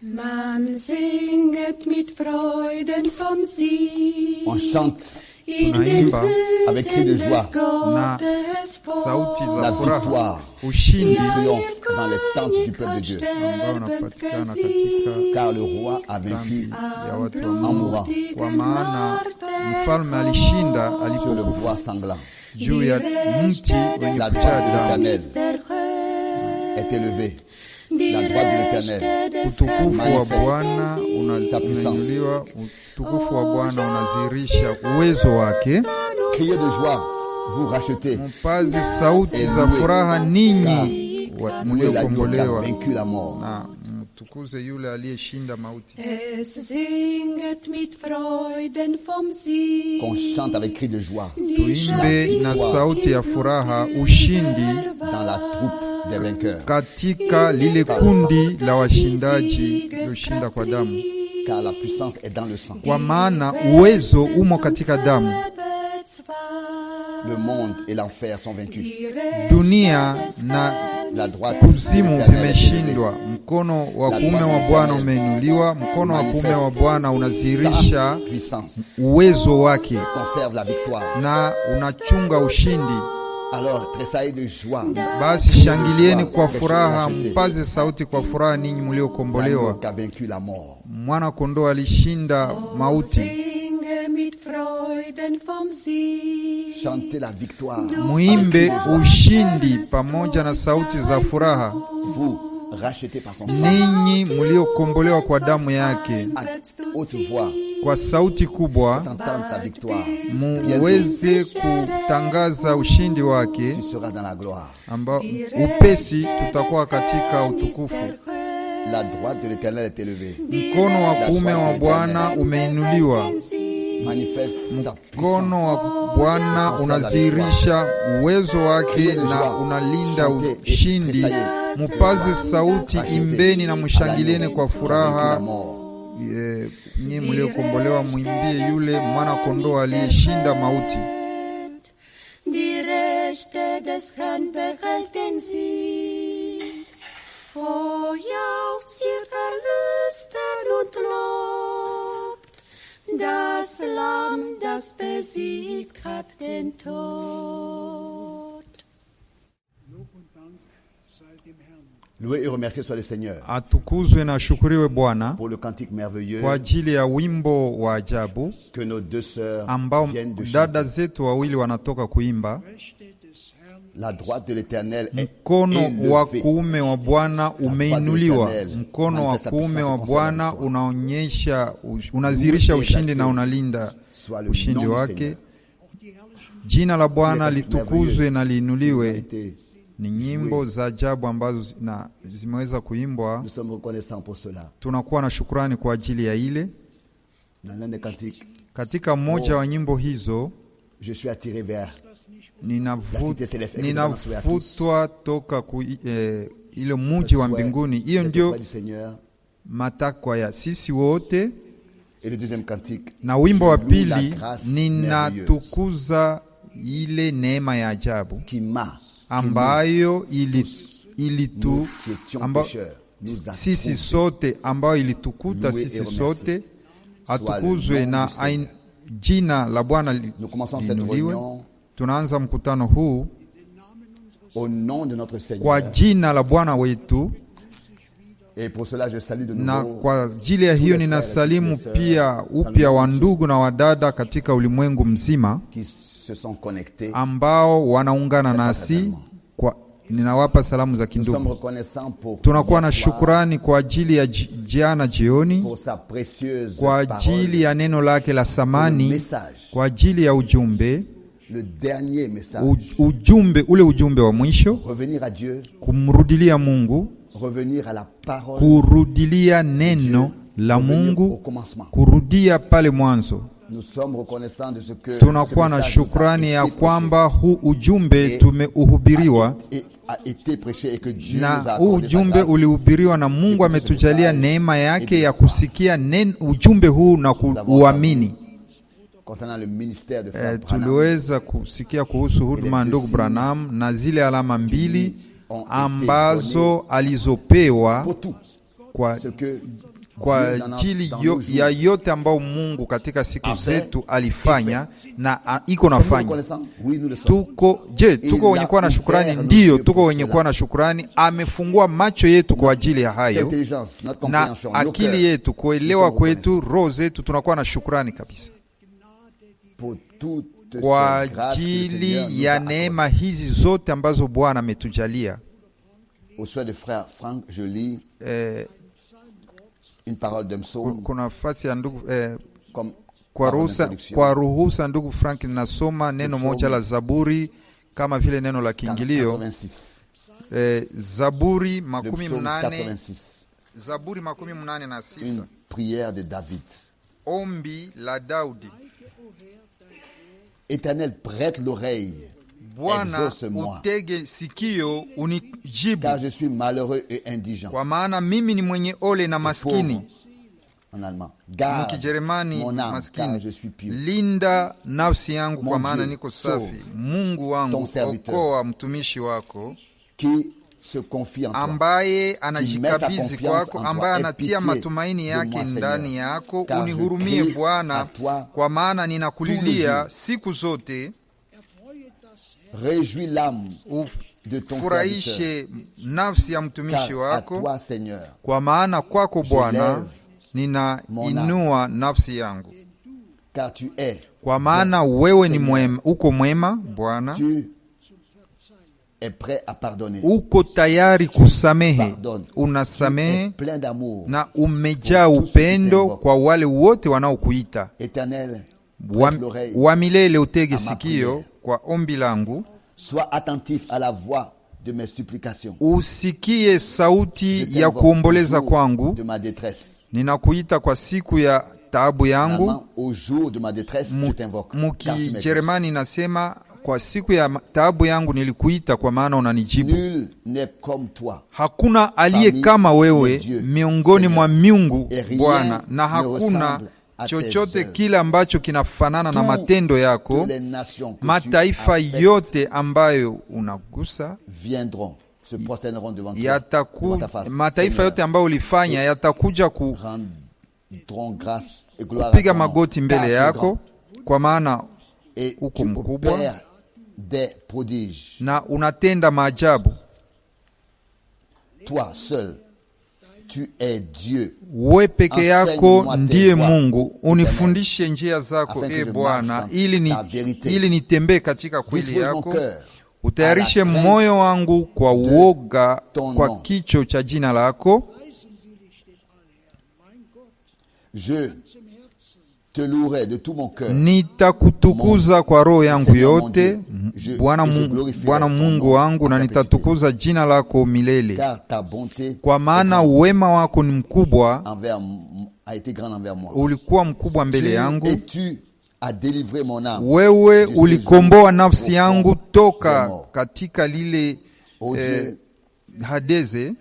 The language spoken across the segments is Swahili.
Man singet mit vom On chante avec cri de joie la victoire dans les tentes du peuple de Dieu car le roi a vaincu en mourant sur le roi sanglant est élevée. Utukufu wa Bwana unainuliwa, utukufu wa Bwana unazirisha uwezo wake. Mpaze sauti za furaha ninyi mliokombolewa tumtukuze yule aliyeshinda mauti. Qu'on chante avec cri de joie. Tuimbe na sauti ya furaha ushindi dans la troupe des vainqueurs. Katika lile kundi la washindaji kushinda kwa damu. Car la puissance est dans le sang. Kwa maana uwezo umo katika damu le monde et l'enfer sont vaincus. Dunia na la droite kuzimu vimeshindwa, mkono wa kuume wa Bwana umeinuliwa. Mkono wa kuume wa Bwana unazirisha uwezo wake na unachunga ushindi. Alors, de joie. Basi shangilieni kwa furaha, mpaze sauti kwa furaha ninyi mliokombolewa. Mwana kondoo alishinda mauti. Chantez la victoire. Muimbe ushindi pamoja na sauti za furaha. Vous, par son sang. Ninyi muliokombolewa kwa damu yake. Kwa sauti kubwa muweze kutangaza ushindi wake, ambao upesi tutakuwa katika utukufu. Mkono wa kuume wa Bwana umeinuliwa. Mkono wa Bwana unazirisha uwezo wake na unalinda ushindi. Mupaze sauti, imbeni na mshangilieni kwa furaha ye, nye mliokombolewa, mwimbie yule mwana kondoo aliyeshinda mauti das Lamm, das besiegt hat den Tod. Louez et remerciez soit le Seigneur. Atukuzwe na shukuriwe Bwana pour le cantique merveilleux kwa ajili ya wimbo wa ajabu que nos deux sœurs ambao dada zetu wawili wanatoka kuimba. La droite de est mkono wa kuume wa Bwana umeinuliwa. Mkono wa kuume wa Bwana unaonyesha unazirisha ushindi na unalinda ushindi wake. Jina la Bwana litukuzwe na liinuliwe. Ni nyimbo za ajabu ambazo zimeweza kuimbwa. Tunakuwa na shukrani kwa ajili ya ile. Katika mmoja oh. wa nyimbo hizo Je suis attiré vers ninavutwa toka ku, eh, ile muji wa mbinguni. Hiyo ndio matakwa ya sisi wote. Na wimbo wa pili, ninatukuza ile neema ya ajabu ambayo sisi sote ambayo ilitukuta sisi sote, atukuzwe na jina la Bwana linuliwe tunaanza mkutano huu Au nom de notre Seigneur. Kwa jina la Bwana wetu Et pour cela je salue de na kwa ajili ya hiyo ninasalimu pia upya wa ndugu na wadada katika ulimwengu mzima se sont ambao wanaungana nasi kwa, ninawapa salamu za kindugu. Tunakuwa na shukurani kwa ajili ya jana jioni, kwa ajili ya neno lake la samani, kwa ajili ya ujumbe le dernier message, ujumbe ule ujumbe wa mwisho, revenir à Dieu, kumrudilia Mungu, revenir à la parole, kurudilia neno la Mungu, kurudia pale mwanzo. Tunakuwa na shukrani ya kwamba hu ujumbe tumeuhubiriwa na huu ujumbe ulihubiriwa na Mungu ametujalia neema yake ya kusikia nen, ujumbe huu na kuuamini Eh, tuliweza kusikia kuhusu huduma ndugu Branham na zile alama mbili ambazo alizopewa kwa kwa ajili yo, ya yote ambayo Mungu katika siku zetu alifanya na a, iko nafanya. Tuko je, tuko wenye kuwa na shukurani? Ndiyo, tuko wenye kuwa na shukurani. Amefungua macho yetu kwa ajili ya hayo na akili yetu, kuelewa kwetu, roho zetu, tunakuwa na shukurani kabisa kwa ajili ya neema hizi zote ambazo Bwana ametujalia. Eh, kuna nafasi ya ndugu eh, kwa ruhusa, kwa ruhusa ndugu Frank, nasoma neno moja la Zaburi kama vile neno la kiingilio eh, Zaburi makumi mnane Zaburi makumi mnane na sita, ombi la Daudi. Éternel, prête l'oreille. Bwana, utege sikio unijibu, car je suis malheureux et indigent. Kwa maana mimi ni mwenye ole na maskini. En allemand. Garde Kijerumani, mon âme, maskini. Car je suis pieux. Linda nafsi yangu, mon kwa maana niko safi. Mungu wangu, okoa mtumishi wako qui ambaye anajikabidhi kwako, ambaye anatia matumaini yake ndani yako. Unihurumie Bwana, kwa maana ninakulilia siku zote. Furahishe nafsi ya mtumishi wako kwa maana kwako Bwana ninainua nafsi yangu, kwa maana wewe ni mwema, uko mwema Bwana Est prêt à pardonner. Uko tayari kusamehe, unasamehe na umejaa upendo kwa wale wote wanaokuita. Wa milele utege sikio kwa ombi langu, usikie sauti ya kuomboleza kwangu. Ninakuita kwa siku ya taabu yangu. Mukijeremani nasema kwa siku ya taabu yangu nilikuita, kwa maana unanijibu. Hakuna aliye kama wewe miongoni mwa miungu, Bwana, na hakuna chochote kile ambacho kinafanana na matendo yako. Mataifa yote ambayo unagusa yataku, mataifa yote ambayo ulifanya yatakuja ku, kupiga magoti mbele yako, kwa maana uko mkubwa des prodiges. na unatenda maajabu. Toi seul tu es Dieu. We peke yako ndiye Mungu, unifundishe njia zako e Bwana, ili nitembee katika kweli yako. Utayarishe moyo wangu kwa uoga kwa kicho cha jina lako Je de nitakutukuza kwa roho yangu yote mhm. Bwana Mungu, Bwana Mungu wangu, na nitatukuza jina lako milele, kwa maana wema wako ni mkubwa, ulikuwa mkubwa mbele yangu. Wewe ulikomboa nafsi yangu toka katika lile oh eh, hadeze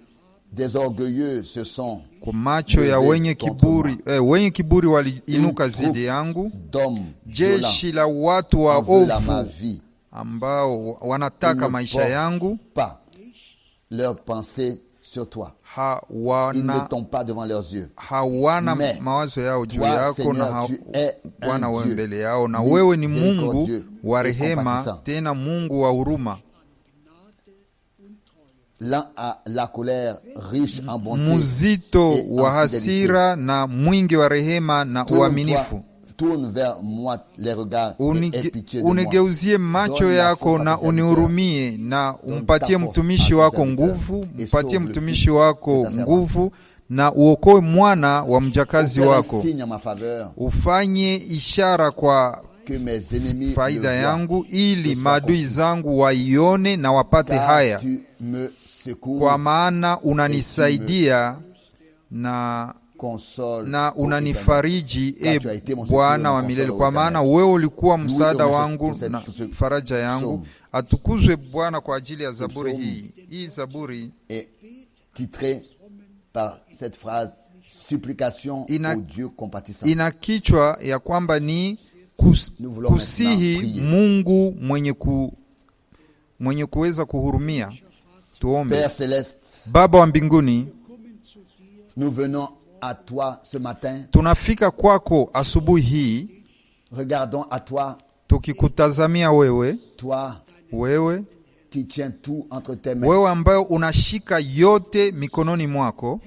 kwa macho ya wenye kiburi, eh, wenye kiburi waliinuka zidi yangu, jeshi la watu wa ofu ambao wanataka maisha yangu hawana mawazo yao juu yako na wewe mbele yao, na wewe ni Mungu wa rehema, tena Mungu wa huruma l'un a la colère riche en bonté, mzito wa hasira na mwingi wa rehema na uaminifu. Unigeuzie macho yako na unihurumie, na umpatie mtumishi wako nguvu, mpatie mtumishi wako nguvu na uokoe mwana wa mjakazi wako, ufanye ishara kwa faida yangu, ili maadui zangu waione na wapate haya tu kwa maana unanisaidia na na unanifariji e Bwana wa milele, kwa maana wewe ulikuwa msaada wangu na faraja yangu. Atukuzwe Bwana kwa ajili ya zaburi hii. Hii zaburi ina, ina kichwa ya kwamba ni kus, kusihi Mungu mwenye, ku, mwenye kuweza kuhurumia Tuombe. Père céleste, Baba wa mbinguni, nous venons à toi ce matin. tunafika kwako asubuhi hii Regardons à toi, tukikutazamia wewe, toi wewe qui tient tout entre tes mains. wewe ambayo unashika yote mikononi mwako,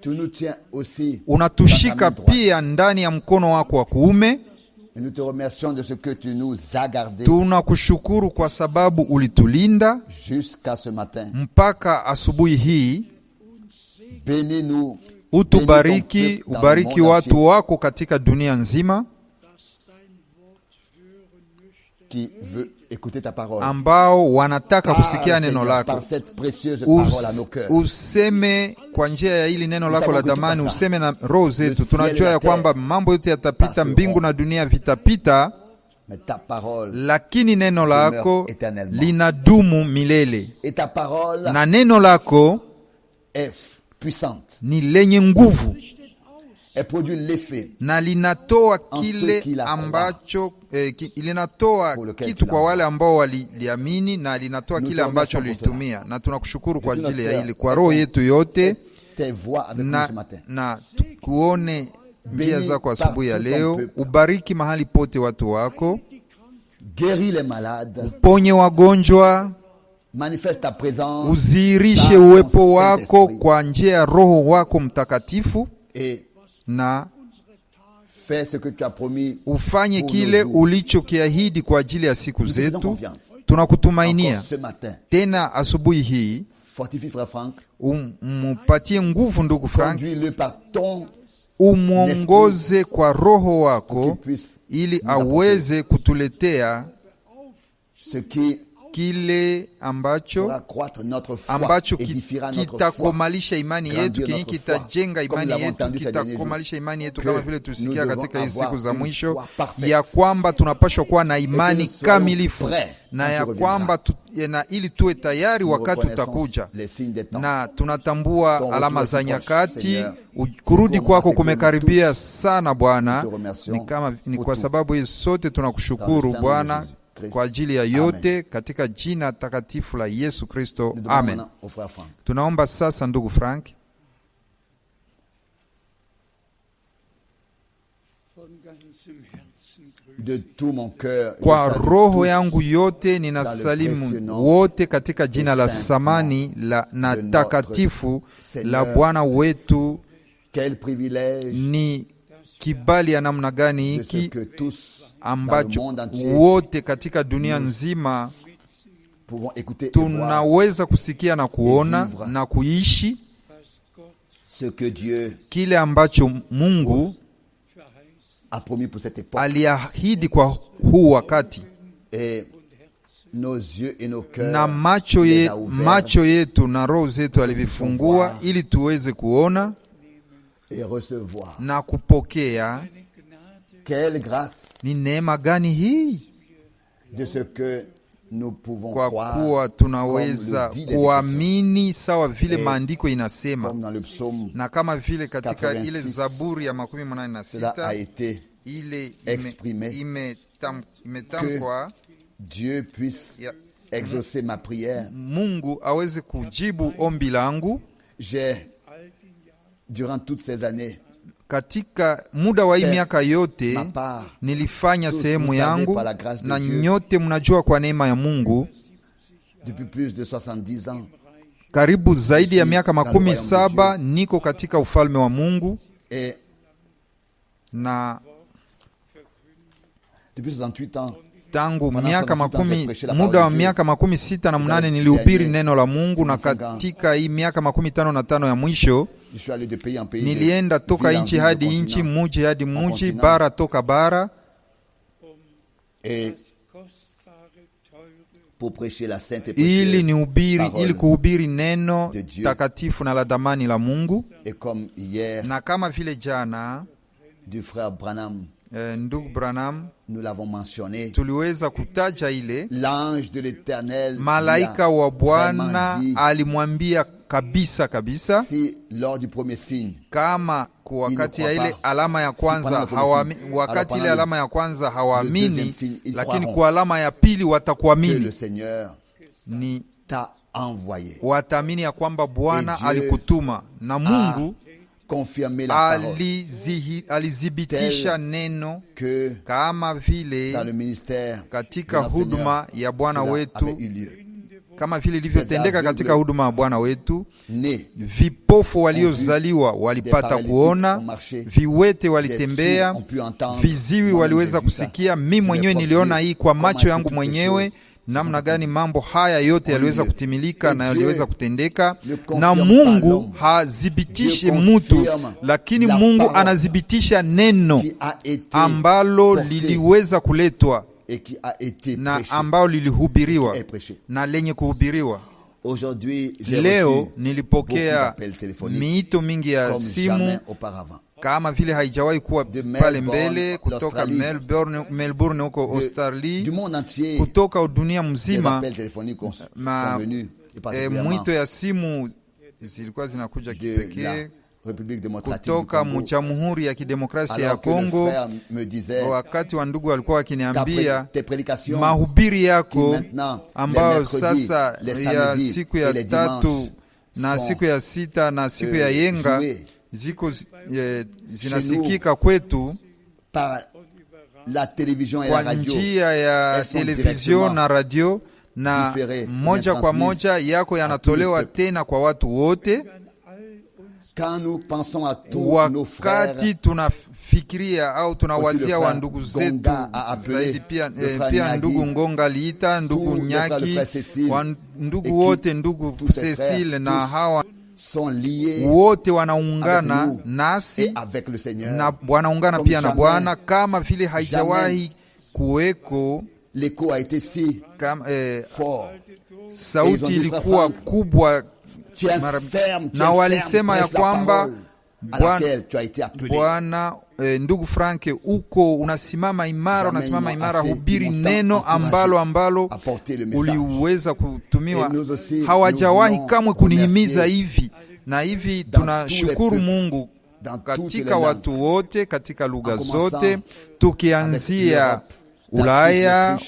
Tu nous tiens aussi unatushika pia ndani ya mkono wako wa kuume. Tunakushukuru kwa sababu ulitulinda mpaka asubuhi hii. Utubariki, ubariki watu wako katika dunia nzima qui veut ambao wanataka ah, kusikia neno lako, useme kwa njia ya hili neno lako la damani, useme na roho zetu. Tunajua ya kwamba mambo yote yatapita, mbingu na dunia vitapita, lakini neno lako linadumu milele, na neno lako ni lenye nguvu na linatoa kile ambacho eh, linatoa kitu kwa wale ambao waliamini na linatoa kile ambacho lilitumia, na tunakushukuru kwa ajili ya hili kwa roho yetu yote na, na tuone njia zako asubuhi ya leo. Ubariki mahali pote watu wako, uponye wagonjwa uzihirishe uwepo wako kwa njia ya Roho wako Mtakatifu na ufanye kile ulichokiahidi kwa ajili ya siku zetu. Tunakutumainia tena asubuhi hii, umupatie um, nguvu ndugu Frank, umwongoze kwa Roho wako ili aweze kutuletea kile ambacho ambacho kitakomalisha imani yetu, kenye kitajenga imani yetu, kitakomalisha imani yetu, kama vile tusikia katika hizi siku za mwisho ya kwamba tunapashwa kuwa na imani kamilifu na ya kwamba tu, na ili tuwe tayari wakati utakuja, na tunatambua alama za nyakati. Kurudi kwako kumekaribia sana Bwana, ni, ni kwa sababu hii sote tunakushukuru Bwana kwa ajili ya yote Amen. Katika jina takatifu la Yesu Kristo Amen. Tunaomba sasa ndugu Frank De tout mon coeur, kwa roho yangu yote ninasalimu wote katika jina la samani la na takatifu la Bwana wetu. Ni kibali ya namna gani hiki ambacho wote katika dunia nzima tunaweza kusikia na kuona na kuishi kile ambacho Mungu aliahidi kwa huu wakati na macho, ye, macho yetu na roho zetu alivifungua ili tuweze kuona na kupokea Quelle grâce ni neema gani hii de ce que nous pouvons kwa kuwa tunaweza kuamini sawa vile maandiko inasema na kama vile katika 86, ile Zaburi ya makumi manane na sita ile imetamkwa Dieu puisse yeah. exaucer ma prière. Mungu aweze kujibu ombi langu. J'ai durant toutes ces années katika muda wa hii miaka yote nilifanya sehemu yangu, na nyote mnajua kwa neema ya Mungu karibu zaidi ya miaka makumi saba niko katika ufalme wa Mungu na tangu miaka makumi, muda wa miaka makumi sita na mnane nilihubiri neno la Mungu, na katika hii miaka makumi tano na tano ya mwisho nilienda toka nchi hadi nchi, muji hadi muji, bara toka bara ili ni ubiri, ili kuhubiri neno takatifu na la damani la Mungu. Et comme hier, na kama vile jana du frère Branham Uh, ndugu Branham nous l'avons mentionné, tuliweza kutaja ile l'ange de l'Eternel, malaika wa Bwana alimwambia kabisa kabisa, si lors du premier signe, kama kwa wakati ya ile alama ya kwanza si hawami, wakati ile alama ya kwanza hawaamini, lakini kwa alama ya pili watakuamini ni ta envoyé wataamini ya kwamba Bwana alikutuma na Mungu a, alizibitisha neno kama vile katika huduma ya Bwana wetu kama vile ilivyotendeka katika huduma ya Bwana wetu. Vipofu waliozaliwa walipata kuona, viwete walitembea, viziwi waliweza kusikia. Mi mwenyewe niliona hii kwa macho yangu mwenyewe namna gani mambo haya yote yaliweza kutimilika na yaliweza kutendeka, na Mungu hadhibitishe mutu, lakini Mungu anadhibitisha neno ambalo liliweza kuletwa na ambalo lilihubiriwa na lenye kuhubiriwa. Leo nilipokea miito mingi ya simu kama vile haijawahi kuwa pale mbele, kutoka Melbourne, Melbourne huko Australia, kutoka dunia mzima eh, ma, e, mwito ya simu zilikuwa zinakuja kipekee kutoka mujamhuri ya Kidemokrasia ya Kongo. Wakati wa ndugu walikuwa wakiniambia mahubiri yako ambayo sasa ya siku ya tatu na siku ya sita na siku ya yenga euh, ziko eh, zinasikika kwetu par la television kwa radio, njia ya televizio na radio na moja kwa moja yako yanatolewa tena kwa watu wote. Wakati tunafikiria au tunawazia wa ndugu zetu zaidi, pia, eh, pia ndugu Ngonga liita ndugu Nyaki wa ndugu wote, ndugu Cecile na hawa wote wanaungana nasi na wanaungana pia na Bwana kama vile haijawahi kuweko. Eh, sauti ilikuwa kubwa mara, na walisema ya kwamba Bwana e, ndugu Franke, uko unasimama imara, unasimama imara, hubiri neno ambalo ambalo uliweza kutumiwa. Hawajawahi kamwe kunihimiza hivi na hivi. Tunashukuru Mungu katika watu wote, katika lugha zote, tukianzia Ulaya,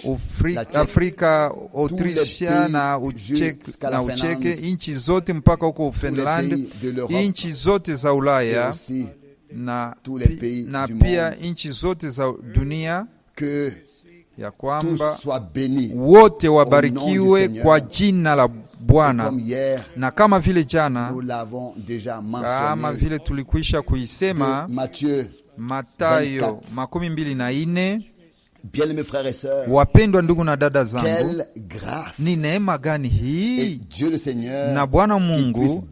Afrika, Autrisia na Ucheke, nchi zote mpaka huko Finland, nchi zote za Ulaya na, pi, na pia nchi zote za dunia ya kwamba wote wabarikiwe kwa jina la Bwana. Na kama vile jana, kama vile tulikwisha kuisema, Matayo makumi mbili na ine Bien, frères et sœurs, wapendwa ndugu na dada zangu, ni neema gani hii na Bwana Mungu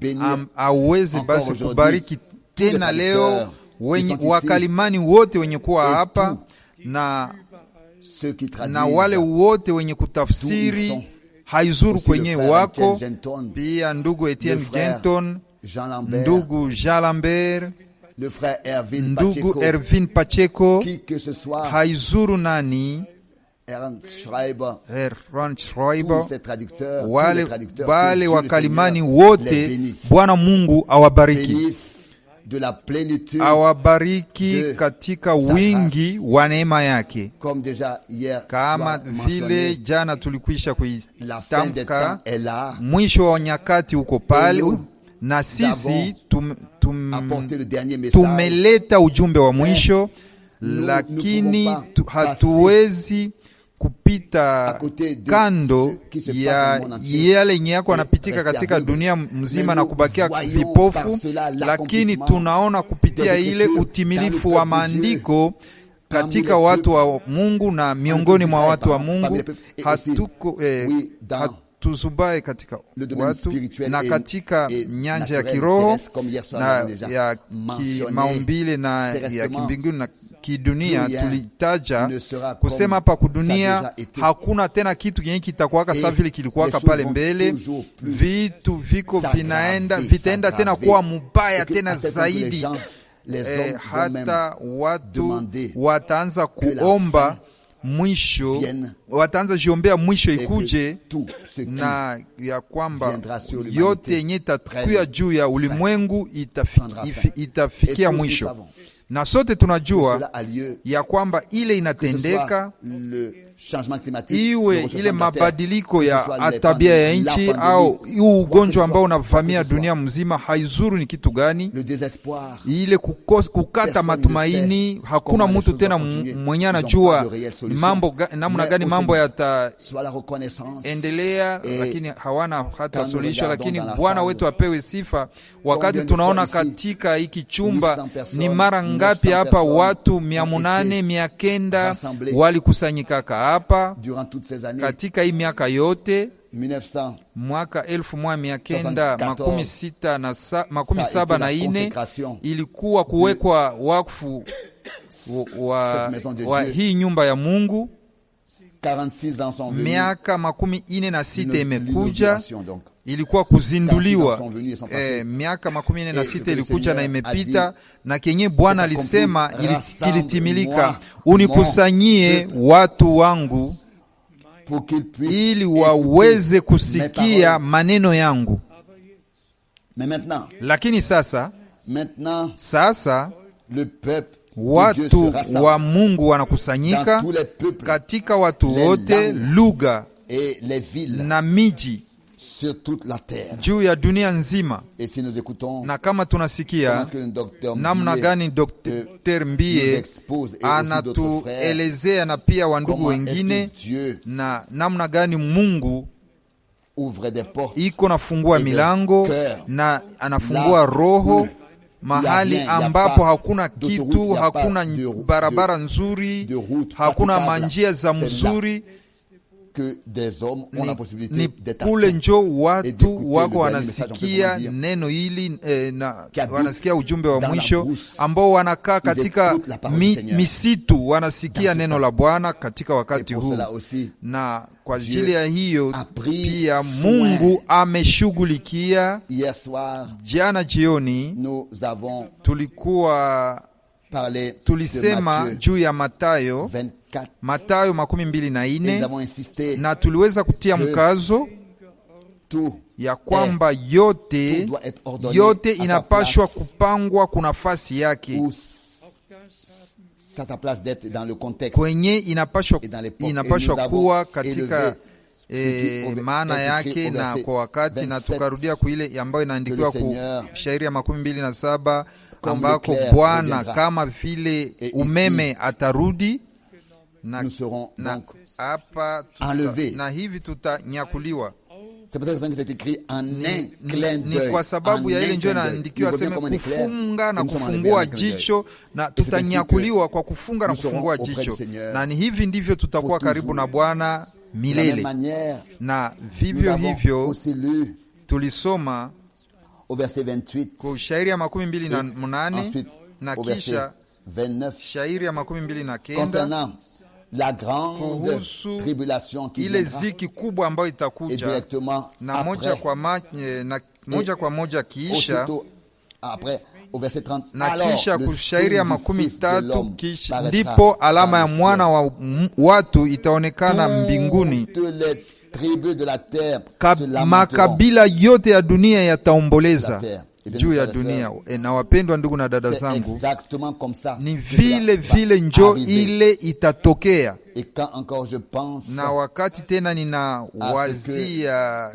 aweze basi kubariki tena leo wenye wakalimani wote wenye kuwa hapa na, na wale wote wenye kutafsiri haizuru kwenye wako pia ndugu Etienne Genton, ndugu Jean Lambert le frère Erwin ndugu Pacheco, Erwin Pacheco qui que ce soit haizuru nani Ernst Schreiber, Ernst Schreiber tous ces traducteurs, wale, tous les traducteurs, wale wakalimani wote, Bwana Mungu awabariki de la plenitude awabariki de katika wingi wa neema yake, kama vile jana tulikwisha kuitamka. Mwisho wa nyakati uko pale, na sisi tum, tumeleta ujumbe wa mwisho eh, lakini hatuwezi kupita kando ya yale yenye yako eh, anapitika katika dunia mzima na kubakia vipofu, lakini tunaona kupitia ile utimilifu wa maandiko katika watu wa Mungu na miongoni mwa watu wa Mungu hatuko eh, hatu tuzubae katika watu na katika nyanja ya kiroho na ya kimaumbile na ya kimbinguni na kidunia. Tulitaja kusema hapa kudunia hakuna tena kitu kenye kitakwaka sa vile kilikuwaka pale mbele. Vitu viko vinaenda vitaenda tena kuwa mubaya tena zaidi, eh, hata watu wataanza kuomba mwisho wataanza jiombea mwisho ikuje, na ya kwamba yote yenye itakuya juu ya ulimwengu itafikia mwisho, na sote tunajua ya kwamba ile inatendeka iwe ile mabadiliko ya tabia ya nchi au huu ugonjwa ambao unavamia dunia mzima, haizuru ni kitu gani? Ile kukata matumaini. Hakuna mtu tena mwenye anajua mambo namna gani mambo yataendelea, lakini hawana hata suluhisho. Lakini Bwana wetu apewe sifa, wakati tunaona katika hiki chumba ni mara ngapi hapa watu mia munane mia kenda walikusanyikaka hapa durant toutes ces années, katika hii miaka yote 1900, mwaka elfu mwa mia kenda makumi sita na sa, makumi saba na ine ilikuwa kuwekwa wakfu wa, wa hii nyumba ya Mungu. 46 ans sont venus, miaka makumi ine na sita imekuja ilikuwa kuzinduliwa eh, miaka makumi nne na eh, sita ilikuja na imepita, na kenye Bwana alisema kilitimilika, unikusanyie watu wangu ili waweze kusikia maneno yangu. Lakini sasa sasa watu wa Mungu wanakusanyika katika watu wote, lugha na miji sur toute la terre. juu ya dunia nzima. Et si nous écoutons, na kama tunasikia namna gani Dr. Mbie anatuelezea na pia wandugu wengine na namna gani Mungu iko nafungua milango na anafungua roho mahali ambapo hakuna kitu, hakuna barabara nzuri, hakuna manjia za mzuri que des hommes ont ni, la possibilité d'être kule njo watu wako wanasikia neno hili eh, na wanasikia ujumbe wa mwisho ambao wanakaa katika mi, misitu wanasikia neno la Bwana katika wakati huu na kwa ajili ya hiyo pia Mungu ameshughulikia. Jana jioni tulikuwa tulisema juu ya Matayo 24 Matayo makumi mbili na ine na tuliweza kutia mkazo ya kwamba yote yote inapashwa kupangwa kuna fasi yake kwenye inapashwa, inapashwa kuwa katika E, maana yake na kwa wakati na tukarudia kuile ambayo inaandikiwa ku shairi ya makumi mbili na saba ambako Bwana kama vile umeme atarudi na, nous serons na, donc apa, tuta, enlevés. Na hivi d'œil. Ni kwa sababu ya ile njo inaandikiwa sema kufunga na kufungua jicho, na tutanyakuliwa kwa kufunga na kufungua jicho, na ni hivi ndivyo tutakuwa karibu na Bwana milele. Na vivyo hivyo tulisoma shairi ya makumi mbili na munane na kisha shairi ya makumi mbili na kenda la grande kuhusu tribulation qui ile ziki kubwa ambayo itakuja eh, na moja kwa, manye, na moja, kwa moja kiisha après, au verset 30, na kisha kushairi ya makumi tatu kisha ndipo alama ya mwana wa watu itaonekana mbinguni. de la Ka, makabila yote ya dunia yataomboleza juu ya dunia. E, na wapendwa ndugu na dada zangu, ni vile vile njo ile itatokea. Na wakati tena ninawazia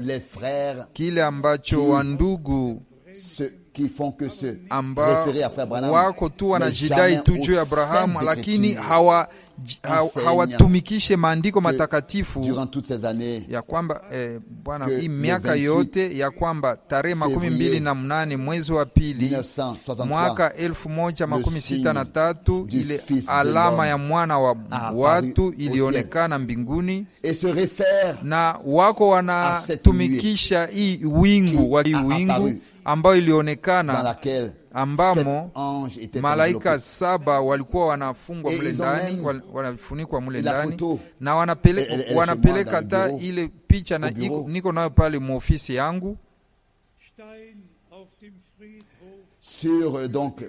kile ambacho wandugu wako tu wanajidai tu juu ya Abrahamu, lakini hawatumikishe maandiko matakatifu ya kwamba eh, Bwana hii miaka yote ya kwamba tarehe makumi mbili na mnane mwezi wa pili mwaka elfu moja makumi sita na tatu ile alama ya mwana wa watu ilionekana mbinguni, na wako wanatumikisha hii wingu wa wingu ambayo ilionekana ambamo malaika saba walikuwa wanafungwa mle ndani, wanafunikwa mle ndani, na wanapeleka wanapeleka hata ile picha na iko, niko nayo pale muofisi yangu sur euh, donc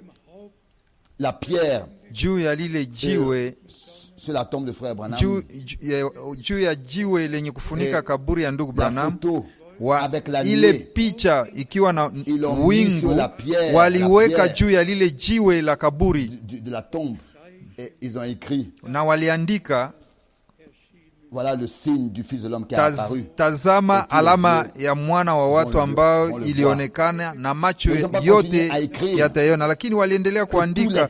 la pierre juu ya lile jiwe euh, sur la tombe de frère Branham juu ya jiwe lenye kufunika kaburi ya ndugu Branham wa ile picha ikiwa na wingu waliweka juu ya lile jiwe la kaburi de, de la tombe, et ils ont écrit, na waliandika voilà le signe du fils de l'homme qui Taz, apparu, tazama alama ya mwana wa watu ambao ilionekana na macho yote yataiona, lakini waliendelea kuandika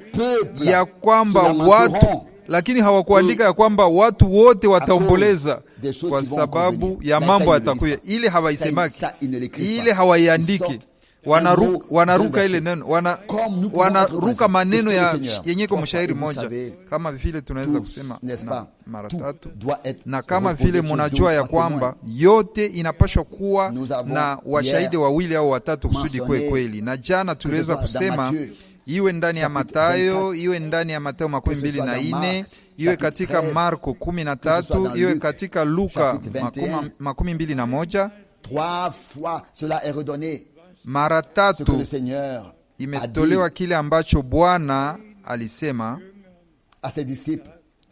ya kwamba watu lakini hawakuandika ya kwamba watu wote wataomboleza kwa sababu ya mambo yatakuya. Ile hawaisemaki, ile hawaiandiki, wanaruka, wanaruka ile neno wanaruka maneno ya yenyeko mshairi moja, kama vile tunaweza kusema mara tatu, na kama vile munajua ya kwamba yote inapashwa kuwa na washahidi wawili au watatu kusudi kwe kweli. Na jana tuliweza kusema iwe ndani ya Matayo, iwe ndani ya Matayo makumi mbili na ine, iwe katika Marko kumi na tatu, iwe katika Luka makumi mbili na moja mara tatu imetolewa kile ambacho Bwana alisema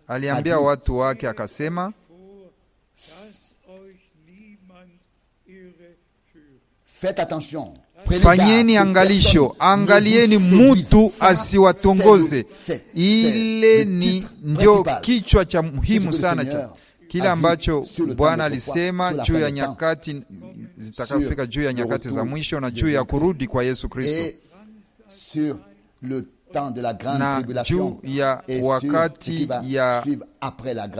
aliambia watu wake, akasema Faites attention Fanyeni angalisho, angalieni mutu asiwatongoze. Ile ni ndio kichwa cha muhimu sana cha kila ambacho Bwana alisema juu ya nyakati zitakafika, juu ya nyakati za mwisho na juu ya kurudi kwa Yesu Kristo na tribulation ya wakati ya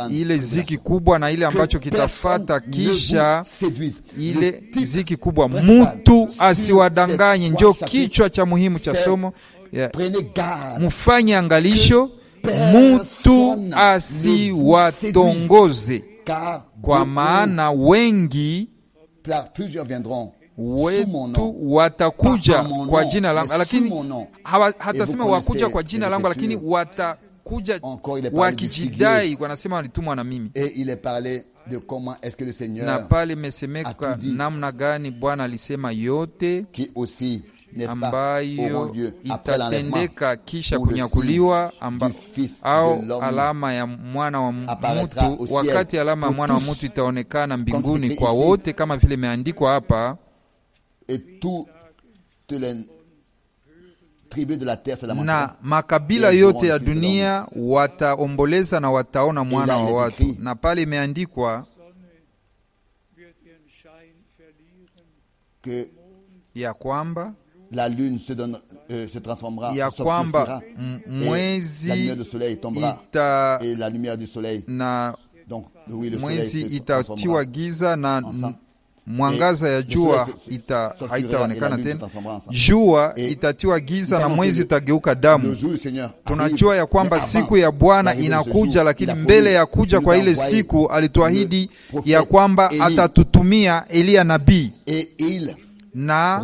ile ziki kubwa na ile ambacho kitafata kisha ile ziki kubwa. Mutu asiwadanganye, njo kichwa cha muhimu cha somo. Mufanye angalisho, mutu asiwatongoze, kwa maana wengi wetu watakuja kwa jina langu, lakini hatasema wakuja kwa jina langu, lakini watakuja wakijidai, wanasema walitumwa na mimi. De comment est-ce que le Seigneur na pale mesemeka namna gani Bwana alisema yote qui aussi, ambayo itatendeka kisha kunyakuliwa amba, au alama ya mwana wa mtu, wakati alama ya mwana wa mtu itaonekana mbinguni kwa wote, kama vile imeandikwa hapa. et toutes les tribus de la terre na makabila yote ya dunia wataomboleza na wataona mwana wa watu, na pale imeandikwa ya kwamba la lune se, don, euh, se transformera ya kwamba mwezi ita et la lumière du soleil. na Donc, oui, le mwezi itatiwa giza na ensemble. mwangaza ya jua ita haitaonekana tena, jua itatiwa giza na mwezi utageuka damu. Tunajua ya kwamba siku ya Bwana inakuja, lakini mbele ya kuja kwa ile siku alituahidi ya kwamba atatutumia Eliya nabii na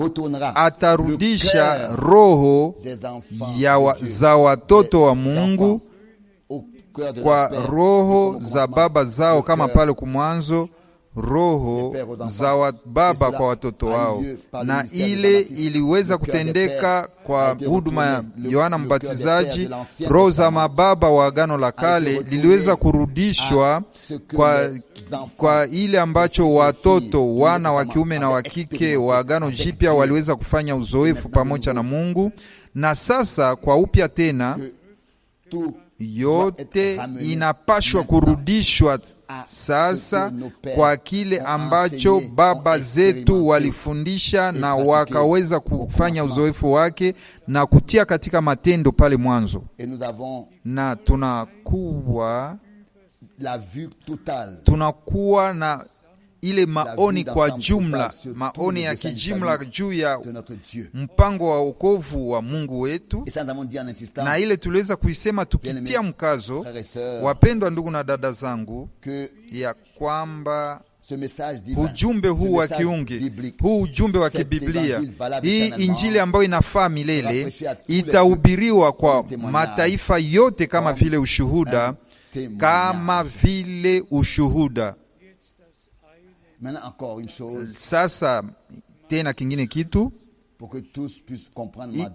atarudisha roho ya wa, za watoto wa Mungu kwa roho za baba zao, kama pale kumwanzo roho za baba kwa watoto wao, na ile iliweza kutendeka kwa huduma ya Yohana Mbatizaji. Roho za mababa wa Agano la Kale liliweza kurudishwa kwa, kwa ile ambacho watoto wana wa kiume na wa kike wa Agano Jipya waliweza kufanya uzoefu pamoja na Mungu, na sasa kwa upya tena yote inapashwa kurudishwa sasa kwa kile ambacho baba zetu walifundisha na wakaweza kufanya uzoefu wake na kutia katika matendo pale mwanzo, na tunakuwa tunakuwa na ile maoni kwa jumla, maoni ya kijumla juu ya mpango wa wokovu wa Mungu wetu, na ile tuliweza kuisema tukitia mkazo, wapendwa ndugu na dada zangu, ya kwamba ujumbe huu wa kiungi huu ujumbe wa kibiblia hii Injili ambayo inafaa milele itahubiriwa kwa mataifa yote, kama vile ushuhuda, kama vile ushuhuda sasa euh, tena kingine kitu I,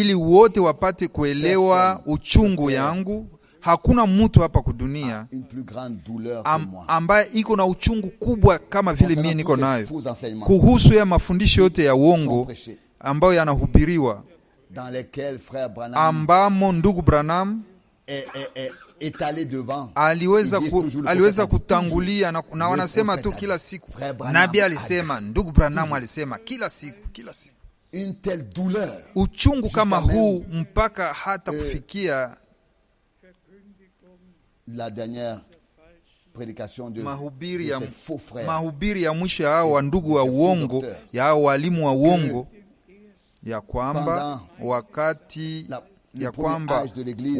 ili wote wapate kuelewa uchungu yangu. Hakuna mutu hapa kudunia ah, am, ambaye iko na uchungu kubwa kama vile mie niko nayo kuhusu ya mafundisho yote ya uongo ambayo yanahubiriwa ambamo ndugu Branham aliweza, ku, aliweza kutangulia na, na wanasema tu kila siku nabii alisema, ndugu Branamu alisema kila siku, kila siku uchungu kama huu mpaka hata kufikia la dernière De, mahubiri ya, mahubiri ya mwisho ya hao wandugu wa uongo ya hao walimu wa uongo ya kwamba wakati la, ya kwamba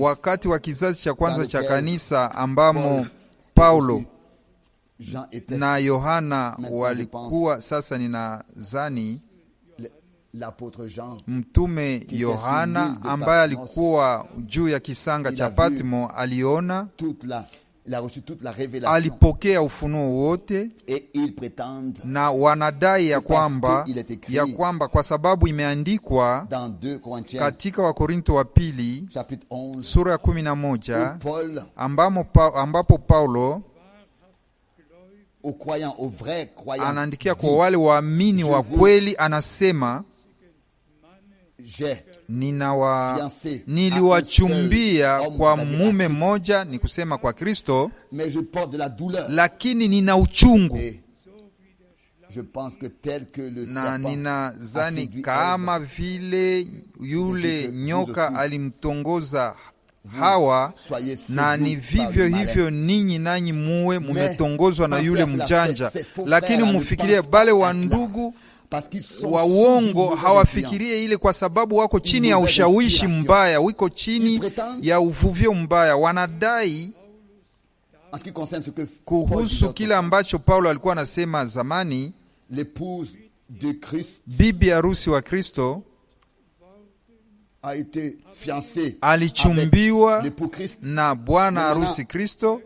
wakati wa kizazi cha kwanza cha kanisa ambamo Paulo na Yohana walikuwa sasa, ninadhani mtume Yohana ambaye alikuwa juu ya kisanga cha Patmo aliona Il a reçu toute la révélation. Alipokea ufunuo wote et il prétend, na wanadai ya kwamba ya kwamba kwa sababu imeandikwa dans 2 Corinthiens katika wa Korinto wa pili chapitre 11 sura ya 11 Paul, ambamo pa, ambapo Paulo au croyant, au vrai croyant, anaandikia kwa wale waamini wa kweli, anasema Je, ninawa niliwachumbia kwa mume mmoja, ni kusema kwa Kristo, lakini nina uchungu Je pense que tel que le na ninazani kama vile yule nyoka alimtongoza Hawa, na ni vivyo hivyo ninyi nanyi muwe mumetongozwa na yule mjanja, lakini mufikirie bale wa ndugu wawongo hawafikirie ile, kwa sababu wako chini ya ushawishi mbaya, wiko chini ya uvuvio mbaya, wanadai kuhusu kile ambacho Paulo alikuwa anasema zamani, bibi harusi wa Kristo alichumbiwa na bwana harusi Kristo,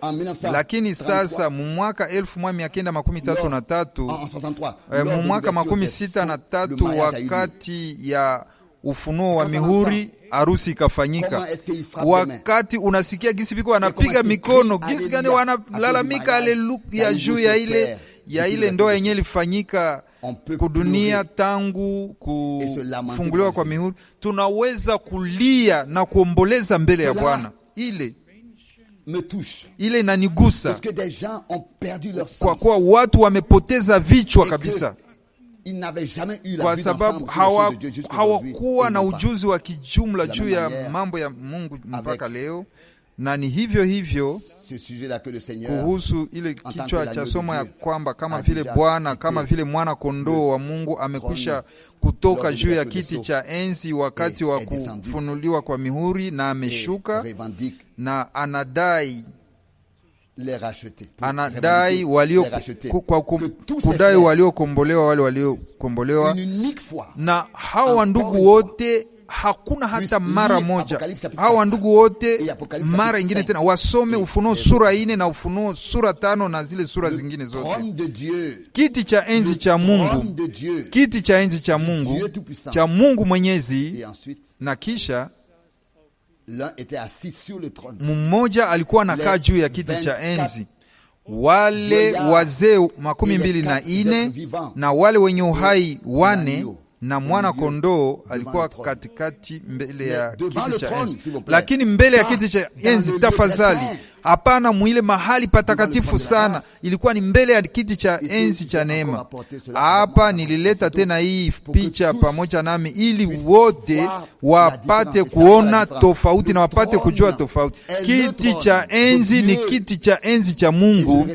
lakini sasa mumwaka 1933 mumwaka 63 wakati ya ufunuo wa mihuri harusi ikafanyika. Wakati unasikia gisi viko wanapiga mikono gisi gani, wanalalamika haleluya juu ya ile ya ile ndoa yenye ilifanyika kudunia tangu kufunguliwa kwa mihuri, tunaweza kulia na kuomboleza mbele ya Bwana. Ile ile inanigusa kwa kuwa watu wamepoteza vichwa kabisa, kwa sababu hawakuwa na ujuzi wa kijumla juu ya mambo ya Mungu mpaka leo, na ni hivyo hivyo ce sujet-là que le Seigneur kuhusu ile kichwa cha somo ya kwamba kama vile Bwana kama vile mwana kondoo wa Mungu amekwisha kutoka juu ya kiti cha enzi wakati wa kufunuliwa kwa mihuri, na ameshuka na anadai anadai walio kwa kudai waliokombolewa wale waliokombolewa, na hao wandugu wote hakuna hata mara moja. Hao wandugu wote mara ingine tena wasome Ufunuo sura ine na Ufunuo sura tano na zile sura zingine zote. Kiti cha enzi cha Mungu, kiti cha enzi cha Mungu, cha Mungu Mwenyezi, na kisha mmoja alikuwa anakaa juu ya kiti cha enzi wale wazee makumi mbili na ine na wale wenye uhai wane na mwana kondoo alikuwa katikati mbele ya kiti cha enzi, lakini mbele ya ah, kiti cha enzi tafadhali, hapana mwile mahali patakatifu sana, ilikuwa ni mbele ya kiti cha enzi cha neema. Hapa nilileta tena hii picha pamoja nami, ili wote wapate kuona tofauti na wapate kujua tofauti. Kiti cha enzi ni kiti cha enzi cha Mungu,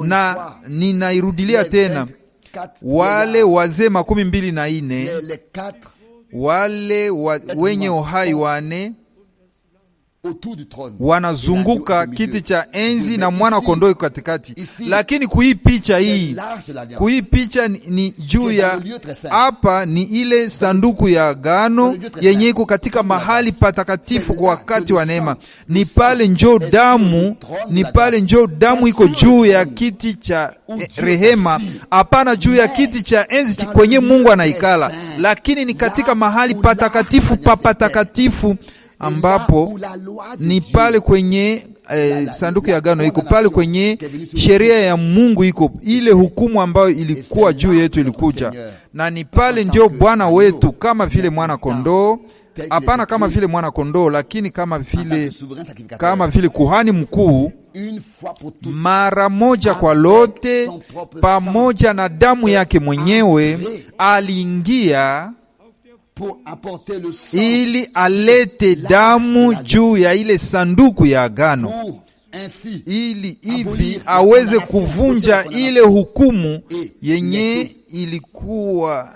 na ninairudilia tena wale wazee makumi mbili na ine wale wa, wenye uhai wane wanazunguka kiti cha enzi na mwana kondoo katikati. Lakini kuhii picha hii, kuhii picha ni, juu ya hapa, ni ile sanduku ya agano yenye iko katika mahali patakatifu kwa wakati wa neema. Ni pale njo damu, ni pale njo damu iko juu ya kiti cha eh, rehema, hapana juu ya kiti cha enzi kwenye Mungu anaikala, lakini ni katika mahali patakatifu papatakatifu ambapo ni pale kwenye eh, sanduku ya gano iko pale kwenye sheria ya Mungu iko ile hukumu ambayo ilikuwa juu yetu ilikuja, na ni pale ndio Bwana wetu kama vile mwana kondoo hapana kama vile mwana kondoo, lakini kama vile, kama vile kuhani mkuu mara moja kwa lote, pamoja na damu yake mwenyewe aliingia ili alete damu juu ya ile sanduku ya agano ili hivi aweze kuvunja ile hukumu yenye ilikuwa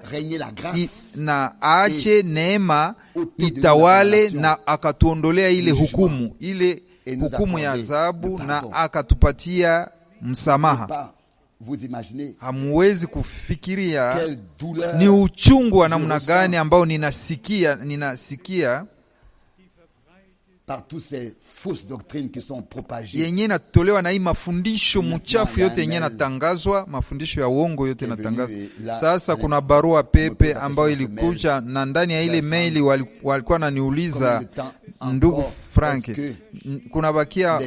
na aache neema itawale, na akatuondolea ile hukumu ile hukumu ya adhabu, na akatupatia msamaha Vous imaginez, kufikiria ni uchungu wa namna gani ambao ninasikia, ninasikia yenye inatolewa na hii mafundisho mchafu yote yenye natangazwa, mafundisho ya uongo yote natangazwa. Sasa kuna barua pepe ambayo ilikuja, na ndani ya ile maili walikuwa naniuliza, ndugu Frank, kunabakia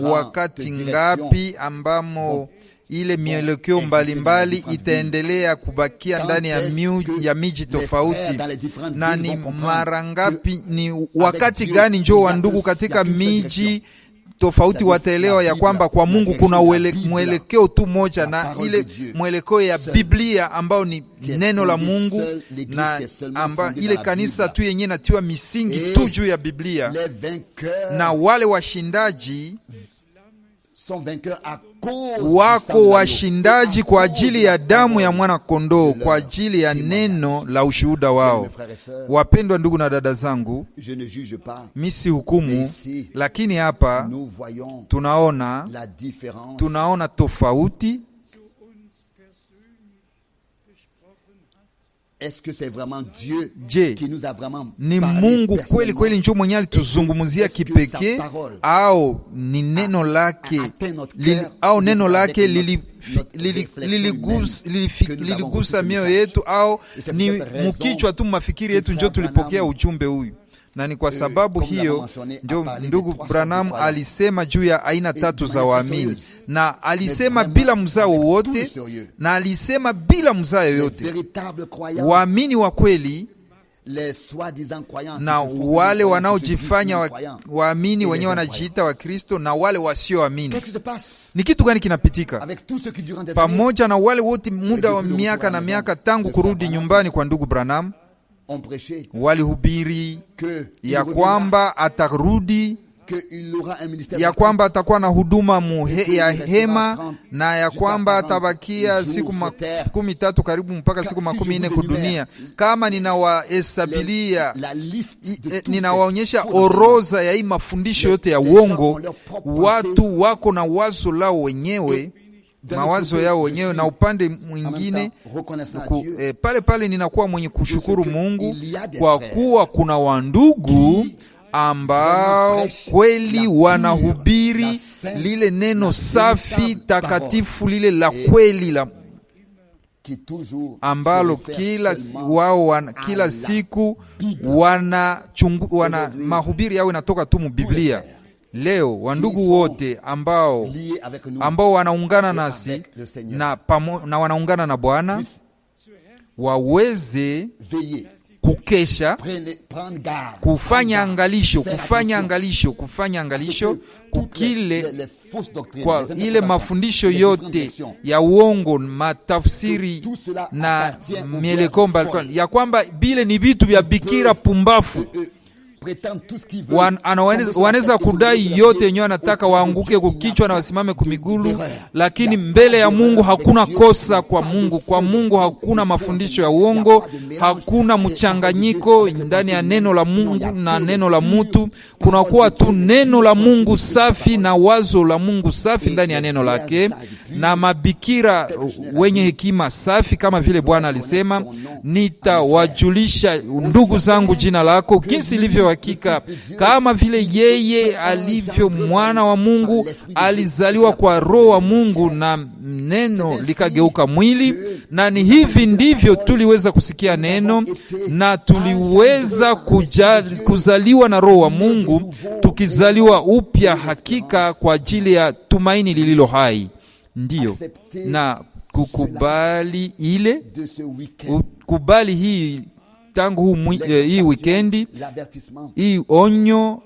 wakati ngapi ambamo ile mielekeo mbalimbali itaendelea kubakia ndani ya, ya miji tofauti. Na ni mara ngapi, ni wakati gani njoo wa ndugu katika miji tofauti wataelewa ya kwamba kwa Mungu kuna mwelekeo tu moja, na ile mwelekeo ya Biblia ambayo ni neno la Mungu, na amba ile kanisa tu yenyewe natiwa misingi tu juu ya Biblia, na wale washindaji wako washindaji kwa ajili ya damu ya mwana-kondoo, kwa ajili ya neno la ushuhuda wao. Wapendwa ndugu na dada zangu, mi si hukumu, lakini hapa tunaona tunaona tofauti est-ce que c'est vraiment Dieu Je, qui nous a vraiment ni parlé Mungu kweli kweli njoo mwenyewe alituzungumzia kipekee au ni neno lake au neno lake lili liligusa lili mioyo yetu au ni mukichwa tu mafikiri yetu, njo tulipokea ujumbe huyu na ni kwa eh, sababu hiyo ndio ndugu Branham alisema juu ya aina eh, tatu za waamini, eh, na alisema bila mzaa wowote, na alisema bila mzaa yoyote. Waamini wa kweli na wale wanaojifanya waamini wenyewe wanajiita wa kristo na wale wasioamini. Ni kitu gani kinapitika pamoja na wale wote muda wa miaka na miaka tangu kurudi nyumbani kwa ndugu Branham? walihubiri ya kwamba atarudi, ya kwamba atakuwa na huduma muhe, ya hema na ya kwamba atabakia siku makumi tatu karibu mpaka siku makumi nne kudunia. Kama ninawahesabilia, eh, ninawaonyesha orodha ya hii mafundisho yote ya uongo, watu wako na wazo lao wenyewe mawazo yao wenyewe, na upande mwingine ku, eh, pale pale ninakuwa mwenye kushukuru Mungu kwa kuwa kuna wandugu ambao kweli wanahubiri lile neno safi takatifu lile la eh, kweli la ambalo kila wao wana, kila siku wana, chungu, wana mahubiri yao inatoka tu mu Biblia leo wandugu wote ambao, ambao wanaungana nasi na, pamo, na wanaungana na Bwana waweze kukesha kufanya angalisho kufanya angalisho kufanya angalisho kukile kwa ile mafundisho yote ya uongo, matafsiri na mieleko mbalimbali, ya kwamba bile ni vitu vya bikira pumbafu wanaweza kudai yote yenyewe, anataka waanguke kukichwa na wasimame kumigulu, lakini mbele ya Mungu hakuna kosa. Kwa Mungu, kwa Mungu hakuna mafundisho ya uongo, hakuna mchanganyiko ndani ya neno la Mungu na neno la mutu. Kunakuwa tu neno la Mungu safi na wazo la Mungu safi ndani ya neno lake na mabikira wenye hekima safi, kama vile Bwana alisema, nitawajulisha ndugu zangu jina lako jinsi ilivyo hakika, kama vile yeye alivyo mwana wa Mungu, alizaliwa kwa roho wa Mungu na neno likageuka mwili, na ni hivi ndivyo tuliweza kusikia neno na tuliweza kujali, kuzaliwa na roho wa Mungu, tukizaliwa upya hakika kwa ajili ya tumaini lililo hai. Ndiyo, na kukubali ile kukubali hii tangu huu eh, hii wikendi hii onyo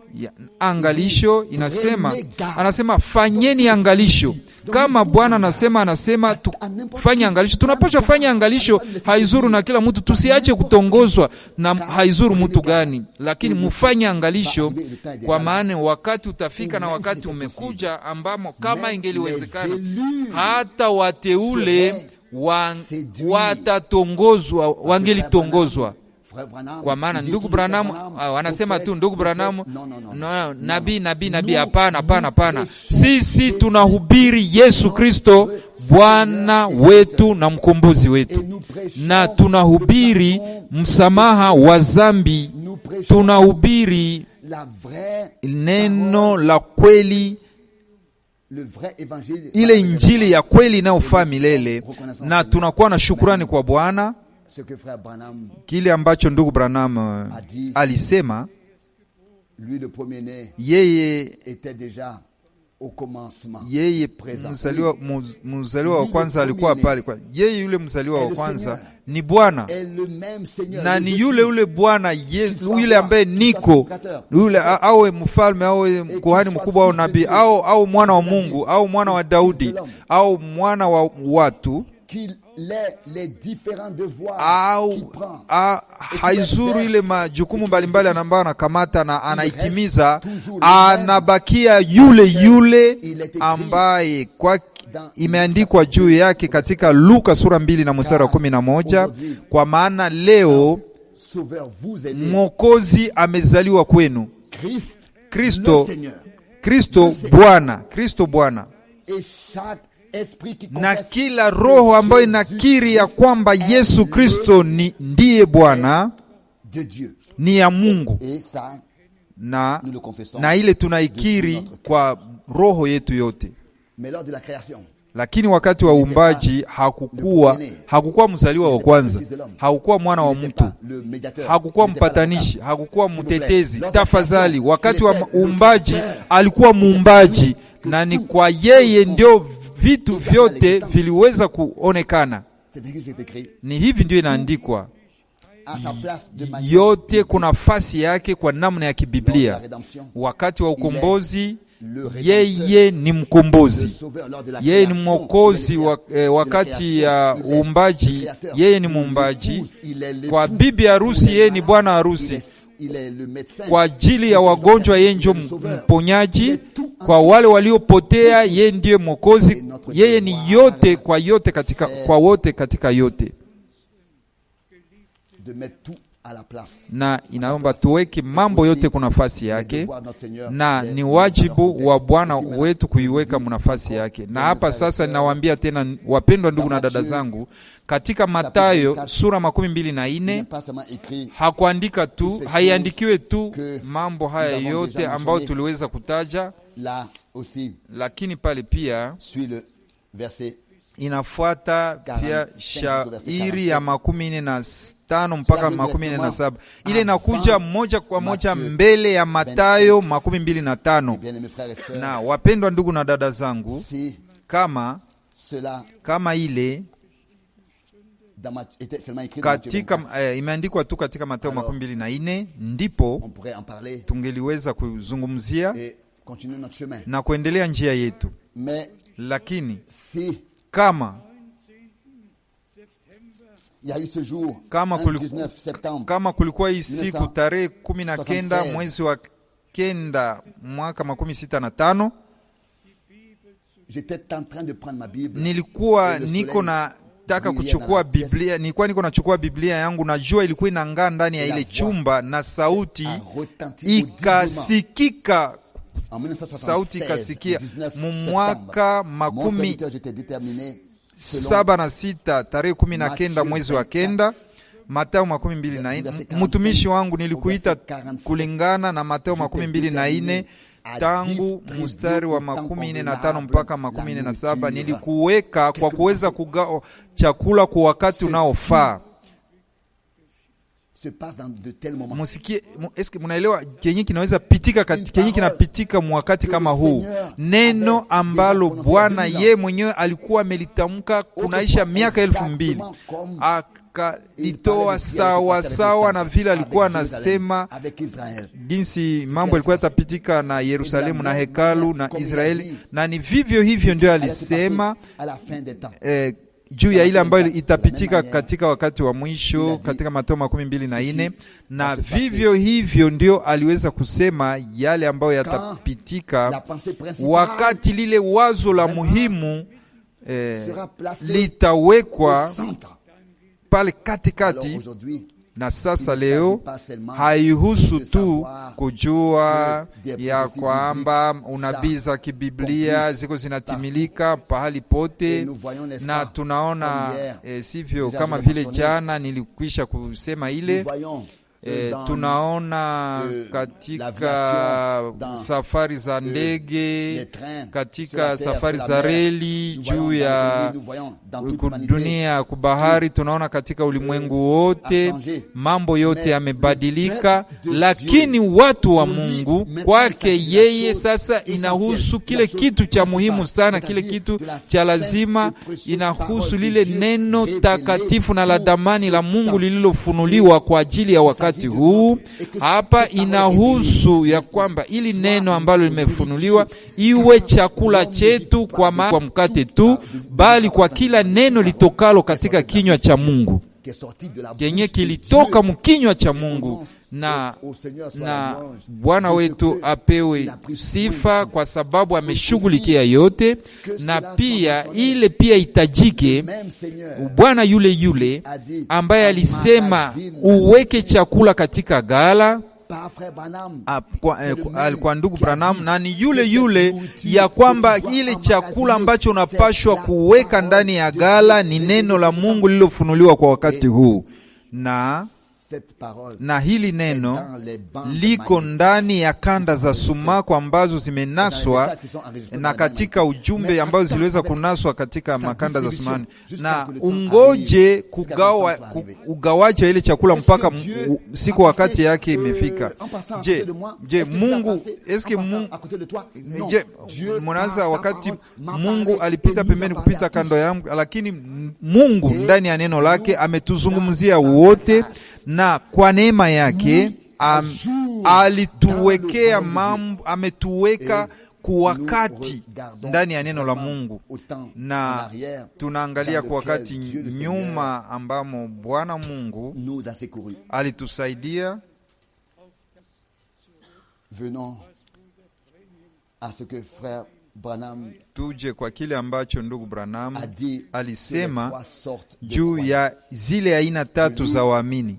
angalisho inasema, anasema fanyeni angalisho. Kama Bwana anasema anasema tufanye angalisho, tunapaswa fanya angalisho, haizuru na kila mtu, tusiache kutongozwa na haizuru mtu gani, lakini mufanye angalisho, kwa maana wakati utafika na wakati umekuja ambamo kama ingeliwezekana hata wateule wa, watatongozwa wangelitongozwa kwa maana ndugu Branham ah, wanasema tu ndugu Branham nabii nabii nabii. Hapana, hapana, hapana, sisi tunahubiri Yesu Kristo Bwana wetu na mkombozi wetu, na tunahubiri msamaha wa zambi, tunahubiri neno la kweli ile injili ya kweli inayofaa milele, na tunakuwa na shukurani kwa Bwana kile ambacho ndugu Branham eh, alisema yeye était déjà au yeye mzaliwa wa kwanza alikuwa pale kwa yeye yule mzaliwa wa kwanza ni Bwana na ni yule yule Bwana yule ambaye niko yule, awe mfalme awe kuhani mkubwa au nabii au au mwana wa Mungu au mwana wa Daudi au mwana wa watu les, les différents devoirs au haizuru ile majukumu mbalimbali ambayo anakamata na anaitimiza, anabakia yule yule ambaye kwa imeandikwa juu yake katika Luka sura mbili na mstari wa kumi na moja kwa maana leo Mwokozi amezaliwa kwenu, Kristo Kristo Bwana, Kristo Bwana na kila roho ambayo inakiri ya kwamba Yesu Kristo ni ndiye Bwana ni ya Mungu na, na ile tunaikiri kwa roho yetu yote. Lakini wakati wa uumbaji hakukuwa, hakukuwa mzaliwa wa kwanza, hakukuwa mwana wa mtu, hakukuwa mpatanishi, hakukuwa mtetezi. Tafadhali, wakati wa uumbaji alikuwa muumbaji, na ni kwa yeye ndio vitu vyote viliweza kuonekana. Ni hivi ndio inaandikwa yote kuna nafasi yake kwa namna ya kibiblia. Wakati wa ukombozi, yeye ni mkombozi, eh, yeye ni mwokozi wa, eh, wakati ya uumbaji, yeye ni muumbaji. Kwa bibi harusi, yeye ni bwana harusi kwa ajili ya wagonjwa, yeye ndio mponyaji. Kwa wale waliopotea, yeye ndiye Mwokozi. Yeye ni yote kwa yote katika, kwa wote katika yote na inaomba tuweke mambo yote kunafasi yake, na ni wajibu wa Bwana wetu kuiweka munafasi yake. Na hapa sasa ninawaambia tena, wapendwa ndugu na dada zangu, katika Matayo sura makumi mbili na ine hakuandika tu, haiandikiwe tu mambo haya yote ambayo tuliweza kutaja, lakini pale pia inafuata pia shairi ya makumi nne na tano mpaka makumi nne na saba ile inakuja moja kwa moja mbele ya Matayo makumi mbili na tano Na wapendwa ndugu na dada zangu, kama kama ile katika eh, imeandikwa tu katika Mateo makumi mbili na nne ndipo tungeliweza kuzungumzia na kuendelea njia yetu, lakini si kama kama, kuliku, kama kulikuwa hii siku tarehe kumi na kenda mwezi wa kenda mwaka makumi sita na tano nilikuwa niko nataka kuchukua Biblia, nilikuwa niko nachukua Biblia yangu na jua ilikuwa inang'aa ndani ya ile chumba na sauti ikasikika sauti ikasikia mu mwaka makumi saba na sita tarehe kumi na kenda mwezi wa kenda Mateo makumi mbili na ine mutumishi wangu nilikuita kulingana na Mateo makumi mbili na ine tangu mstari wa makumi ine na tano mpaka makumi ine na saba nilikuweka kwa kuweza kugawa chakula kwa wakati unaofaa se passe dans de tels moments. Musikie, eske mnaelewa kenye kinaweza pitika kenye kinapitika mwakati kama huu, neno ambalo Bwana ye mwenyewe alikuwa amelitamka kunaisha miaka elfu mbili akalitoa sawa sawa na vile alikuwa anasema jinsi mambo yalikuwa yatapitika na Yerusalemu na hekalu na Israeli, na ni vivyo hivyo ndio alisema eh, juu ya ile ambayo itapitika katika wakati wa mwisho katika Mathayo makumi mbili na nne na vivyo hivyo ndio aliweza kusema yale ambayo yatapitika wakati lile wazo la muhimu eh, litawekwa pale katikati na sasa leo haihusu tu kujua ya kwamba unabii za kibiblia ziko zinatimilika pahali pote, na tunaona eh, sivyo kama vile jana nilikwisha kusema ile E, tunaona euh, katika safari za ndege, katika safari za reli juu ya dunia kubahari, tunaona katika ulimwengu wote mambo yote yamebadilika, lakini watu wa Mungu kwake yeye sasa inahusu kile kitu cha muhimu sana, kile kitu cha lazima, inahusu lile neno takatifu na la damani la Mungu lililofunuliwa kwa ajili ya wakati wakati huu hapa inahusu ya kwamba ili neno ambalo limefunuliwa iwe chakula chetu, kwa mkate tu, bali kwa kila neno litokalo katika kinywa cha Mungu kenye kilitoka mkinywa cha Mungu na, na Bwana wetu apewe sifa kwa sababu ameshughulikia yote, na pia ile pia itajike Bwana yule yule ambaye alisema uweke chakula katika gala Ah, kwa, eh, ah, kwa ndugu Branham na ni yule yule ya kwamba ile chakula ambacho unapashwa kuweka ndani ya gala ni neno la Mungu lililofunuliwa kwa wakati eh, huu na na hili neno liko ndani ya kanda za sumaku ambazo zimenaswa na katika ujumbe ambazo ziliweza kunaswa katika makanda za sumani, na ungoje kugawa, ugawaji wa ile chakula mpaka siku wakati yake euh, imefika. Je, je Mungu eske Mungu, wakati Mungu alipita pembeni kupita kando yangu, lakini Mungu ndani ya neno lake ametuzungumzia wote na kwa neema yake am, alituwekea mambo, ametuweka eh, kwa wakati ndani ya neno la Mungu, na tunaangalia kwa wakati nyuma ambamo Bwana Mungu alitusaidia tuje kwa kile ambacho ndugu Branham alisema juu ya zile aina tatu za waamini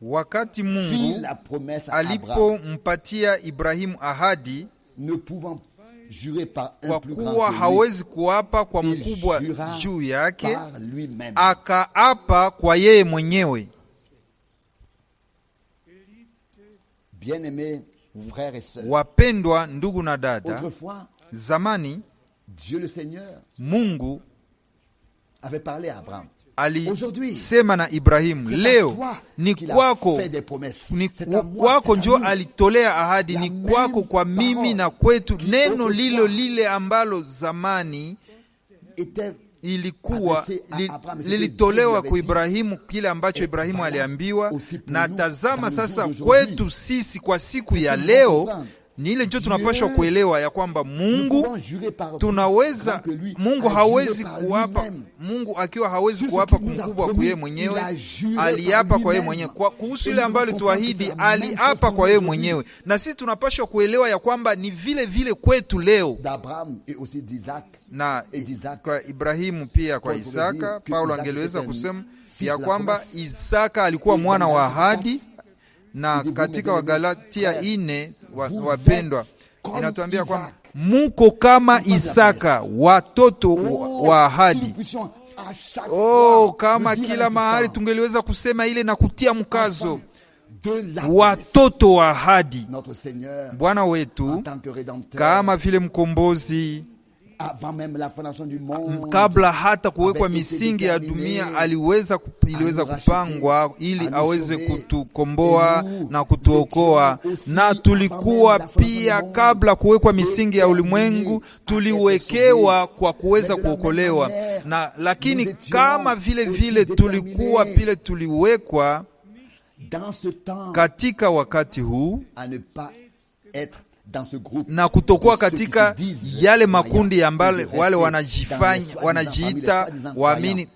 Wakati Mungu alipompatia Ibrahimu ahadi, kwa kuwa hawezi kuapa kwa mkubwa juu yake, akaapa kwa yeye mwenyewe. Wapendwa ndugu na dada, zamani Dieu le Seigneur Mungu avait parlé à Abraham alisema na Ibrahimu, leo ni kwako, ni kwako njo alitolea ahadi, ni kwako, kwa mimi na kwetu, neno lilo lile ambalo zamani ilikuwa li, lilitolewa kwa Ibrahimu, kile ambacho Ibrahimu aliambiwa. Na tazama sasa kwetu sisi kwa siku ya leo ni ile njo tunapashwa kuelewa ya kwamba Mungu tunaweza, Mungu hawezi kuapa, Mungu akiwa hawezi kuapa kumkubwa kuye mwenyewe, aliapa kwa yeye mwenyewe kwa kuhusu ile ambayo alituahidi, aliapa kwa yeye mwenyewe, na sisi tunapashwa kuelewa ya kwamba ni vile vile kwetu leo na kwa Ibrahimu pia kwa Isaka. Paulo angeliweza kusema ya kwamba Isaka alikuwa mwana wa ahadi, na katika Wagalatia ine wapendwa, inatuambia kwamba muko kama Isaka, watoto oh, wa ahadi. Oh, kama kila mahali tungeliweza kusema ile na kutia mkazo watoto wa ahadi. Bwana wetu kama vile mkombozi Ah, kabla hata kuwekwa misingi ya dunia aliweza iliweza kupangwa ili aweze kutukomboa na kutuokoa. Na tulikuwa pia kabla kuwekwa misingi ya ulimwengu tuliwekewa kwa kuweza kuokolewa, na lakini kama vile vile tulikuwa pile tuliwekwa katika wakati huu na kutokuwa katika yale makundi ambale wale wanajifanya wanajiita waamini.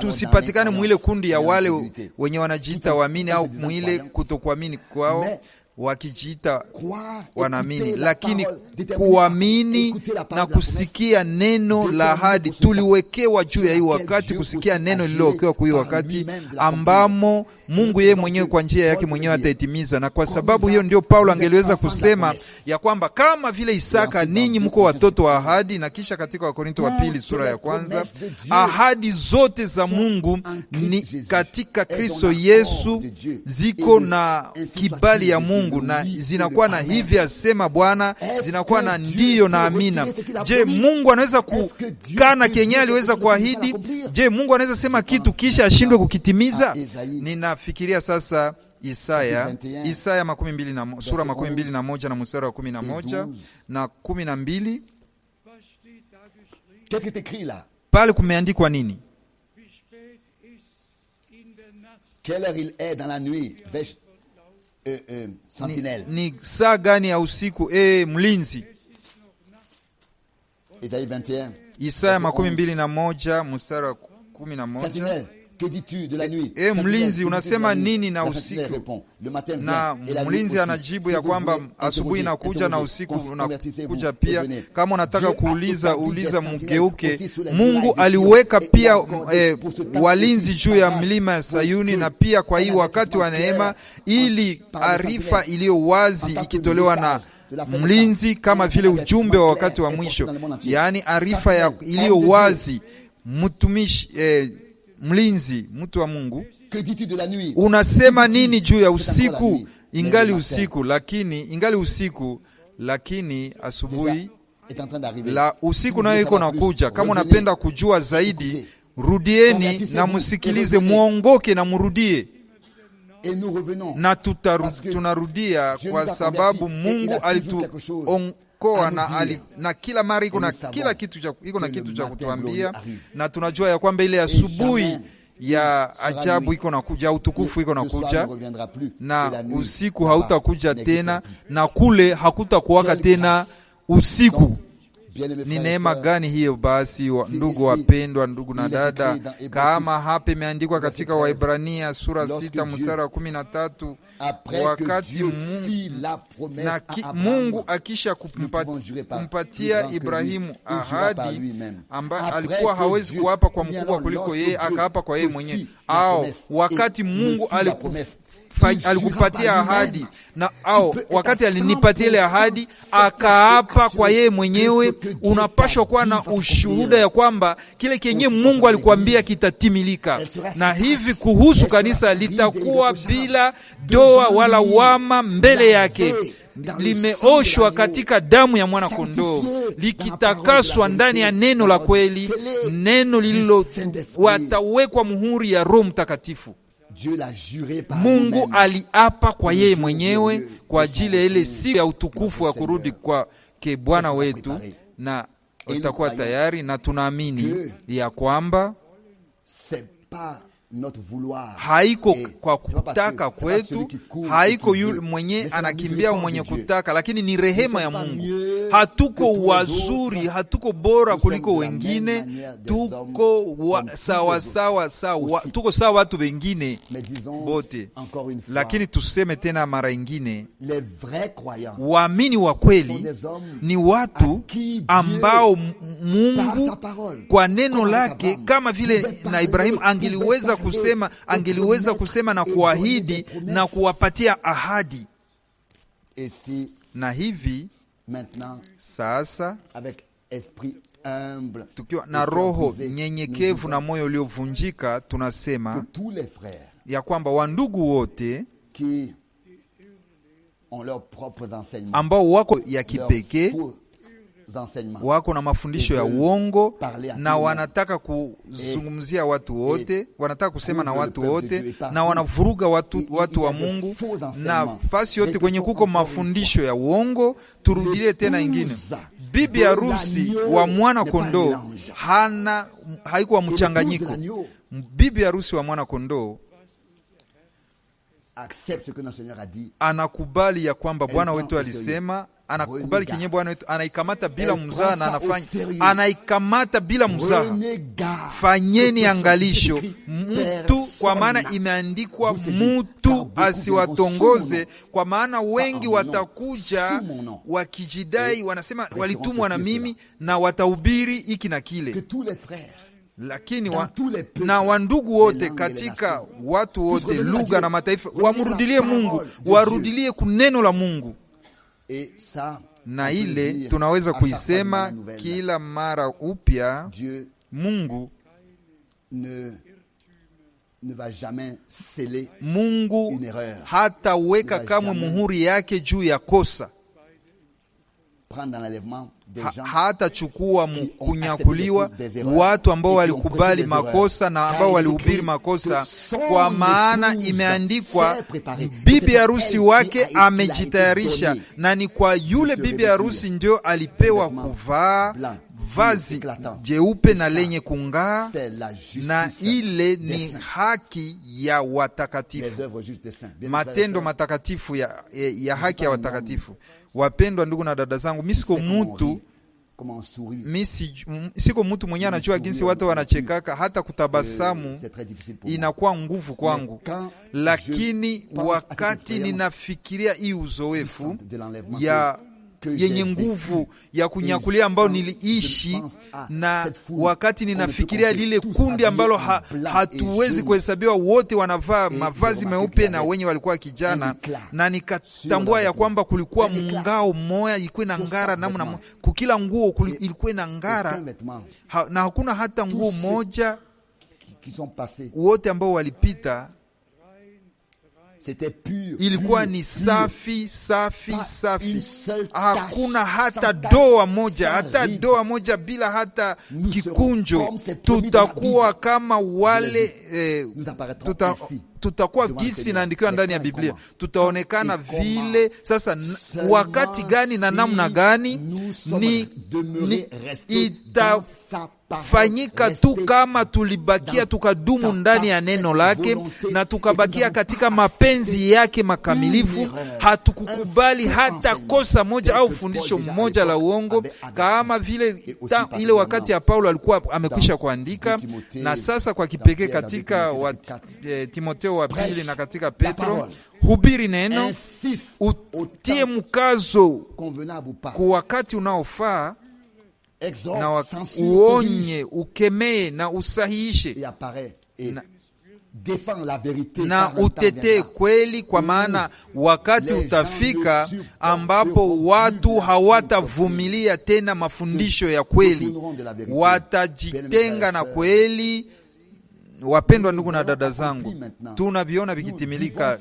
Tusipatikane tu mwile kundi ya wale wenye wanajiita waamini au mwile kutokuamini kwao wakijiita wanaamini, lakini kuamini na kusikia neno la ahadi tuliwekewa juu ya hii wakati, kusikia neno lililowekewa kwa hii wakati ambamo Mungu yeye mwenyewe kwa njia yake mwenyewe ataitimiza. Na kwa sababu hiyo ndio Paulo angeliweza kusema ya kwamba kama vile Isaka ninyi mko watoto wa ahadi, na kisha katika Wakorinto wa pili sura ya kwanza, ahadi zote za Mungu ni katika Kristo Yesu ziko na kibali ya Mungu na zinakuwa na hivi asema Bwana, zinakuwa na ndiyo na amina. Je, Mungu anaweza kukana kenye aliweza kuahidi? Je, Mungu anaweza sema kitu kisha ashindwe kukitimiza? Nina Tunafikiria sasa Isaya Isaya makumi mbili na, sura makumi mbili na moja na mstari wa kumi na moja na kumi na mbili pale kumeandikwa nini? Euh, euh, ni, ni saa gani ya usiku e, mlinzi? Isaya makumi mbili na moja mstari wa kumi na moja E, mlinzi unasema nini na usiku? Na mlinzi anajibu ya kwamba asubuhi inakuja na usiku unakuja pia. Kama unataka kuuliza, uliza mgeuke. Mungu aliweka pia eh, walinzi juu ya mlima ya Sayuni, na pia kwa hii wakati wa neema, ili arifa iliyo wazi ikitolewa na mlinzi kama vile ujumbe wa wakati wa mwisho, yaani arifa ya iliyo wazi mtumishi eh, mlinzi, mtu wa Mungu, unasema nini juu ya usiku? Ingali usiku lakini, ingali usiku lakini asubuhi la usiku nayo iko nakuja. Kama unapenda kujua zaidi, rudieni na musikilize, mwongoke na murudie na tunarudia, kwa sababu Mungu alitu kutuokoa na, na kila mara iko na kila kitu cha iko na kitu cha kutuambia, na tunajua ya kwamba ile asubuhi ya ajabu iko nakuja, utukufu iko nakuja, na usiku hautakuja tena, na kule hakutakuwaka tena usiku. Ni neema gani hiyo basi wa, ndugu wapendwa, ndugu na dada, kama hapa imeandikwa katika Waibrania sura sita mstari wa kumi na tatu wakati na ki, Mungu akisha kumpatia Ibrahimu ahadi ambaye alikuwa hawezi kuapa kwa mkubwa kuliko yeye, akaapa kwa yeye mwenyewe, au wakati Mungu alikuwa alikupatia ahadi na au wakati alinipatia ile ahadi akaapa kwa yeye mwenyewe. Unapashwa kuwa na ushuhuda ya kwamba kile kenye Mungu alikuambia kitatimilika, na hivi kuhusu kanisa litakuwa bila doa wala wama mbele yake limeoshwa katika damu ya mwana kondoo, likitakaswa ndani ya neno la kweli, neno lililo watawekwa muhuri ya Roho Mtakatifu. Mungu aliapa kwa yeye mwenyewe kwa ajili ya ile siku ya utukufu wa kurudi kwake Bwana wetu, na itakuwa tayari, na tunaamini ya kwamba haiko eh, kwa kutaka kwetu, haiko yule mwenye anakimbia mwenye kutaka, lakini ni rehema ya Mungu. Hatuko wazuri, hatuko bora kuliko wengine, tuko sawa sawa sawa, tuko sawa watu wengine bote. Lakini tuseme tena mara ingine, waamini wa kweli ni watu ambao Mungu kwa neno lake kama vile na Ibrahimu angeliweza kusema, angeliweza kusema na kuahidi na kuwapatia ahadi. Na hivi sasa tukiwa na roho nyenyekevu na moyo uliovunjika, tunasema ya kwamba wandugu wote ambao wako ya kipekee wako na mafundisho ya uongo na wanataka kuzungumzia watu wote, wanataka kusema na watu wote, na wanavuruga watu, watu wa Mungu na fasi yote kwenye kuko mafundisho ya uongo. Turudilie tena ingine, bibi harusi wa mwana kondoo hana haikuwa mchanganyiko. Bibi harusi wa mwana kondoo anakubali ya kwamba Bwana wetu alisema anakubali kenye Bwana wetu anaikamata bila mzaa na anafanya anaikamata bila mzaa. Fanyeni angalisho mtu, kwa maana imeandikwa, mutu asiwatongoze, kwa maana wengi watakuja wakijidai, wanasema walitumwa na mimi, na watahubiri hiki na kile lakini wa, na wandugu wote katika watu wote lugha na mataifa wamurudilie Mungu, warudilie kuneno la Mungu na ile tunaweza kuisema kila mara upya. Mungu ne, ne va jamais sceller Mungu hataweka kamwe muhuri yake juu ya kosa hatachukua kunyakuliwa watu ambao walikubali makosa na ambao walihubiri makosa, kwa maana imeandikwa, bibi harusi wake amejitayarisha, na ni kwa yule bibi harusi ndio alipewa kuvaa vazi jeupe na lenye kung'aa, na ile ni haki ya watakatifu, matendo matakatifu ya, ya haki ya watakatifu Wapendwa ndugu na dada zangu, mi siko mutu mi siko mutu mwenye anajua jinsi watu wanachekaka, hata kutabasamu eh, inakuwa nguvu kwangu, lakini wakati ninafikiria hii uzoefu ya yenye nguvu ya kunyakulia ambayo niliishi, ah, na wakati ninafikiria lile kundi ambalo ha, hatuwezi kuhesabiwa wote wanavaa mavazi meupe na wenye walikuwa kijana, na nikatambua ya kwamba kulikuwa mngao mmoja ilikuwa na ngara namna kukila nguo ilikuwa na ngara ha, na hakuna hata nguo moja wote ambao walipita ilikuwa ni safi safi safi, hakuna hata doa moja, hata doa moja, bila hata kikunjo. Tutakuwa kama wale eh, tuta, tutakuwa gisi inaandikiwa ndani ya Biblia, tutaonekana vile. Sasa wakati gani na namna gani ni, ni ita fanyika tu kama tulibakia tukadumu ndani ya neno lake na tukabakia katika mapenzi yake makamilifu. Hatukukubali hata kosa moja au fundisho moja la uongo, kama vile ile wakati ya Paulo alikuwa amekwisha kuandika, na sasa kwa kipekee katika wa, eh, Timoteo wa pili na katika Petro hubiri neno, utie mkazo kwa wakati unaofaa na uonye, ukemee na usahihishe na, na utetee kweli, kwa maana wakati utafika ambapo watu hawatavumilia tena mafundisho ya kweli, watajitenga na kweli euh, Wapendwa ndugu na dada zangu, tunaviona vikitimilika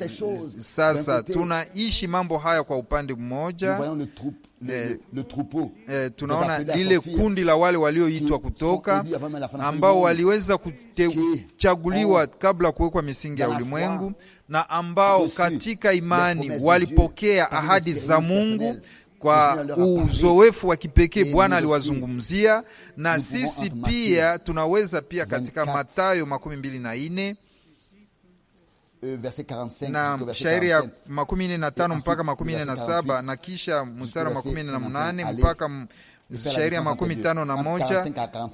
sasa. Tunaishi mambo haya kwa upande mmoja eh, eh tunaona lile kundi la wale walioitwa kutoka ambao waliweza kuchaguliwa kabla kuwekwa misingi ya ulimwengu na ambao katika imani walipokea ahadi za Mungu kwa uzoefu wa kipekee Bwana aliwazungumzia, na sisi pia tunaweza pia katika Mathayo makumi mbili na ine euh, na shairi ya makumi nne na tano mpaka makumi nne na saba na kisha mstari wa makumi nne na mnane mpaka shairi ya makumi tano na moja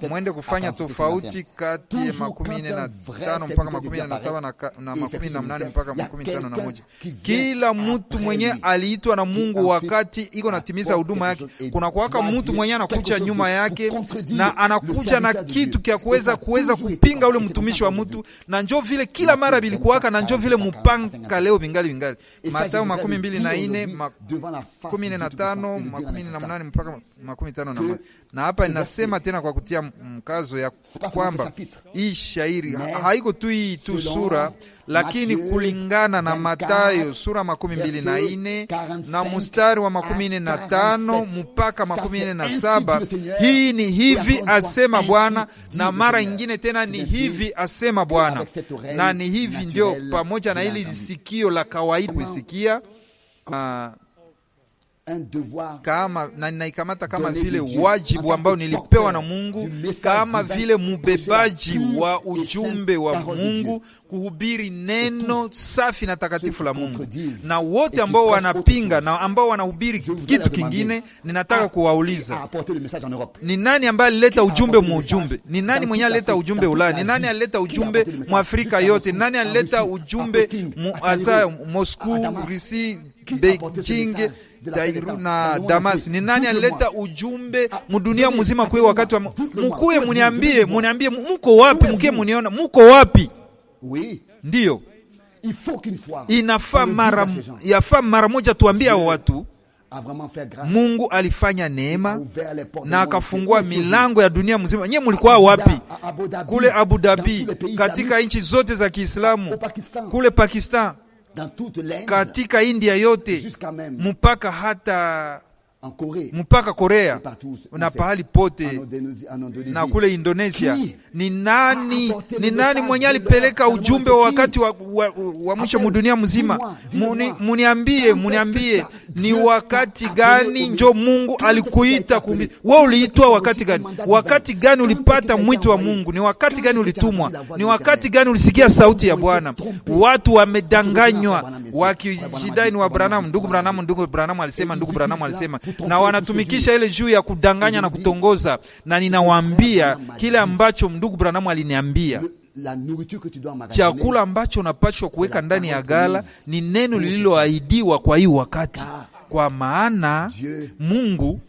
mwende kufanya tofauti kati ya makumi nne na tano mpaka makumi nne na saba na makumi na mnane mpaka makumi tano na moja Kila mtu mwenye aliitwa na Mungu wakati iko natimiza huduma yake, kuna kuwaka mtu mwenye anakuja nyuma yake na anakuja na kitu kya kuweza kuweza kupinga ule mtumishi wa mtu, na njo vile kila mara bilikuwaka, na njo vile mupanga leo vingali vingali. Mathayo makumi mbili na ine makumi nne na tano makumi nne na mnane mpaka makumi tano mapatano na, na hapa inasema tena kwa kutia mkazo ya kwamba hii shairi haiko tu hii tu sura lakini kulingana na Matayo sura makumi mbili na ine na mustari wa makumi ine na tano mpaka makumi ine na saba hii ni hivi asema Bwana, na mara ingine tena ni hivi asema Bwana, na ni hivi ndio pamoja na ili sikio la kawaida kusikia uh, kama, na ninaikamata kama vile wajibu ambao nilipewa na Mungu, kama vile mubebaji wa ujumbe wa Mungu, kuhubiri neno safi na takatifu la Mungu. Na wote ambao wanapinga na ambao wanahubiri kitu kingine, ninataka kuwauliza ni nani ambaye alileta ujumbe mu ujumbe? Ni nani mwenye alileta ujumbe Ulaya? Ni nani alileta ujumbe mu Afrika yote? Ni nani alileta ujumbe mu Asia, Moscow, Risi, Beijing na Damas, ni nani alileta ujumbe ah, mudunia mzima kwa wakati wa mukuwe, Mniambie, mniambie mko wapi? Mkie mniona muko wapi? Ndiyo inafaa mara, yafaa mara moja tuambie hao watu Mungu alifanya neema na akafungua milango ya dunia mzima. Nyie mlikuwa wapi? Kule Abu Dhabi, katika nchi zote za Kiislamu, kule Pakistan katika India yote mpaka hata mpaka Korea na pahali pote na kule Indonesia. Ni nani, ah, ni nani mwenye alipeleka ujumbe wa wakati wa, wa, wa mwisho mudunia mzima? Muniambie, muniambie ni wakati gani njo Mungu alikuita? We uliitwa wakati gani? Wakati gani ulipata mwito wa Mungu? Ni wakati gani ulitumwa? Ni wakati gani ulisikia sauti ya Bwana? Watu wamedanganywa wakijidai ni wa Branamu. Ndugu Branamu, ndugu Branamu alisema, ndugu Branamu alisema na wanatumikisha ile juu ya kudanganya na kutongoza. Na ninawaambia kile ambacho ndugu Branamu aliniambia chakula ambacho unapashwa kuweka ndani ya gala ni neno lililoahidiwa kwa hii wakati, ah. kwa maana Mungu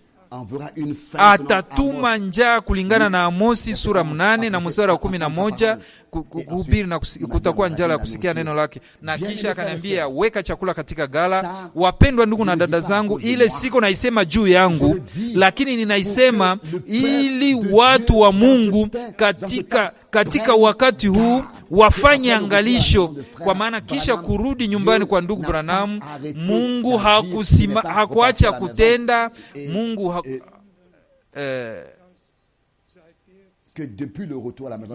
atatuma njaa kulingana na Amosi sura mnane na mstari wa kumi na moja kuhubiri na kutakuwa njala ya kusikia neno lake. Na kisha akaniambia, weka chakula katika gala. Wapendwa ndugu na dada zangu, ile siko naisema juu yangu, lakini ninaisema ili watu wa Mungu katika katika wakati huu wafanye angalisho, kwa maana kisha kurudi nyumbani kwa ndugu Branham, Mungu hakusima, hakuacha kutenda Mungu ha, eh,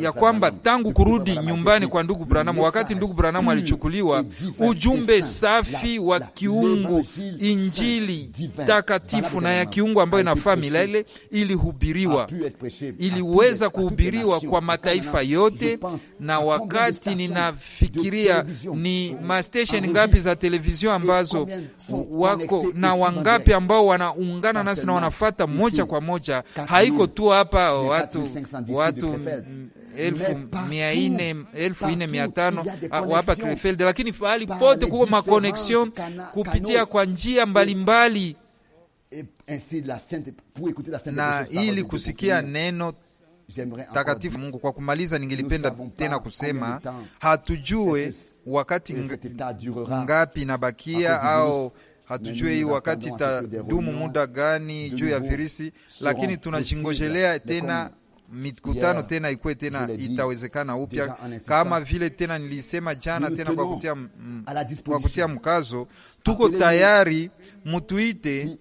ya kwamba tangu kurudi nyumbani kwa ndugu Branamu, wakati ndugu Branamu alichukuliwa, ujumbe safi wa kiungu, injili takatifu na ya kiungu ambayo inafaa milele ilihubiriwa, iliweza kuhubiriwa kwa mataifa yote. Na wakati ninafikiria ni mastesheni ngapi za televizio ambazo wako na wangapi ambao wanaungana nasi na wanafata moja kwa moja, haiko tu hapa watu watu elfu mia ine elfu mia tano hapa ah, Krefeld, lakini pahali pote kuko makoneksion kupitia kwa njia mbalimbali na ili kusikia neno takatifu Mungu. Kwa kumaliza, ningelipenda tena kusema hatujue wakati ngapi nabakia au hatujue hii wakati itadumu muda gani juu ya virisi, lakini tunachingojelea tena mikutano tena ikuwe tena itawezekana upya kama vile tena nilisema jana tena kwa kutia, mm, kwa kutia mkazo tuko tayari mutuite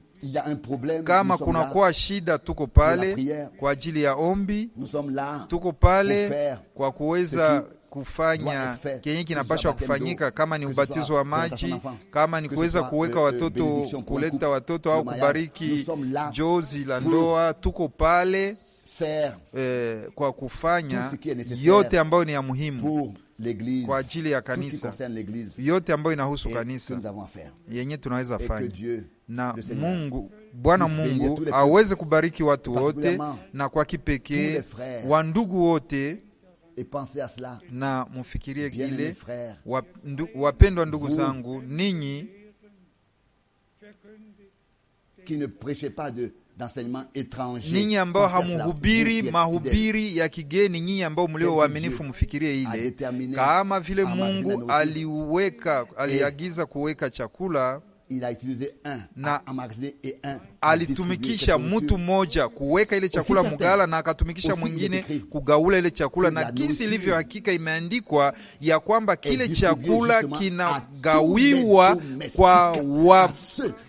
kama kunakuwa shida, tuko pale kwa ajili ya ombi, tuko pale kwa kuweza kufanya kenye kinapashwa kufanyika, kama ni ubatizo wa maji, kama ni kuweza kuweka euh, euh, watoto, kuleta watoto au kubariki jozi la ndoa, tuko pale eh, kwa kufanya yote ambayo ni ya muhimu kwa ajili ya kanisa, yote ambayo inahusu kanisa yenye tunaweza fanya na Mungu Bwana Mungu aweze kubariki watu wote na kwa kipekee ndugu wote na mufikirie kile wapendwa ndu, ndugu zangu ninyi Nyinyi ambao hamuhubiri mahubiri ya kigeni, nyinyi ambao mlio waaminifu, mfikirie ile kama vile Mungu aliweka, aliagiza kuweka chakula na alitumikisha mtu mmoja kuweka ile chakula mugala na akatumikisha mwingine kugaula ile chakula, na kisi ilivyo hakika imeandikwa ya kwamba kile chakula kinagawiwa kwa, wa,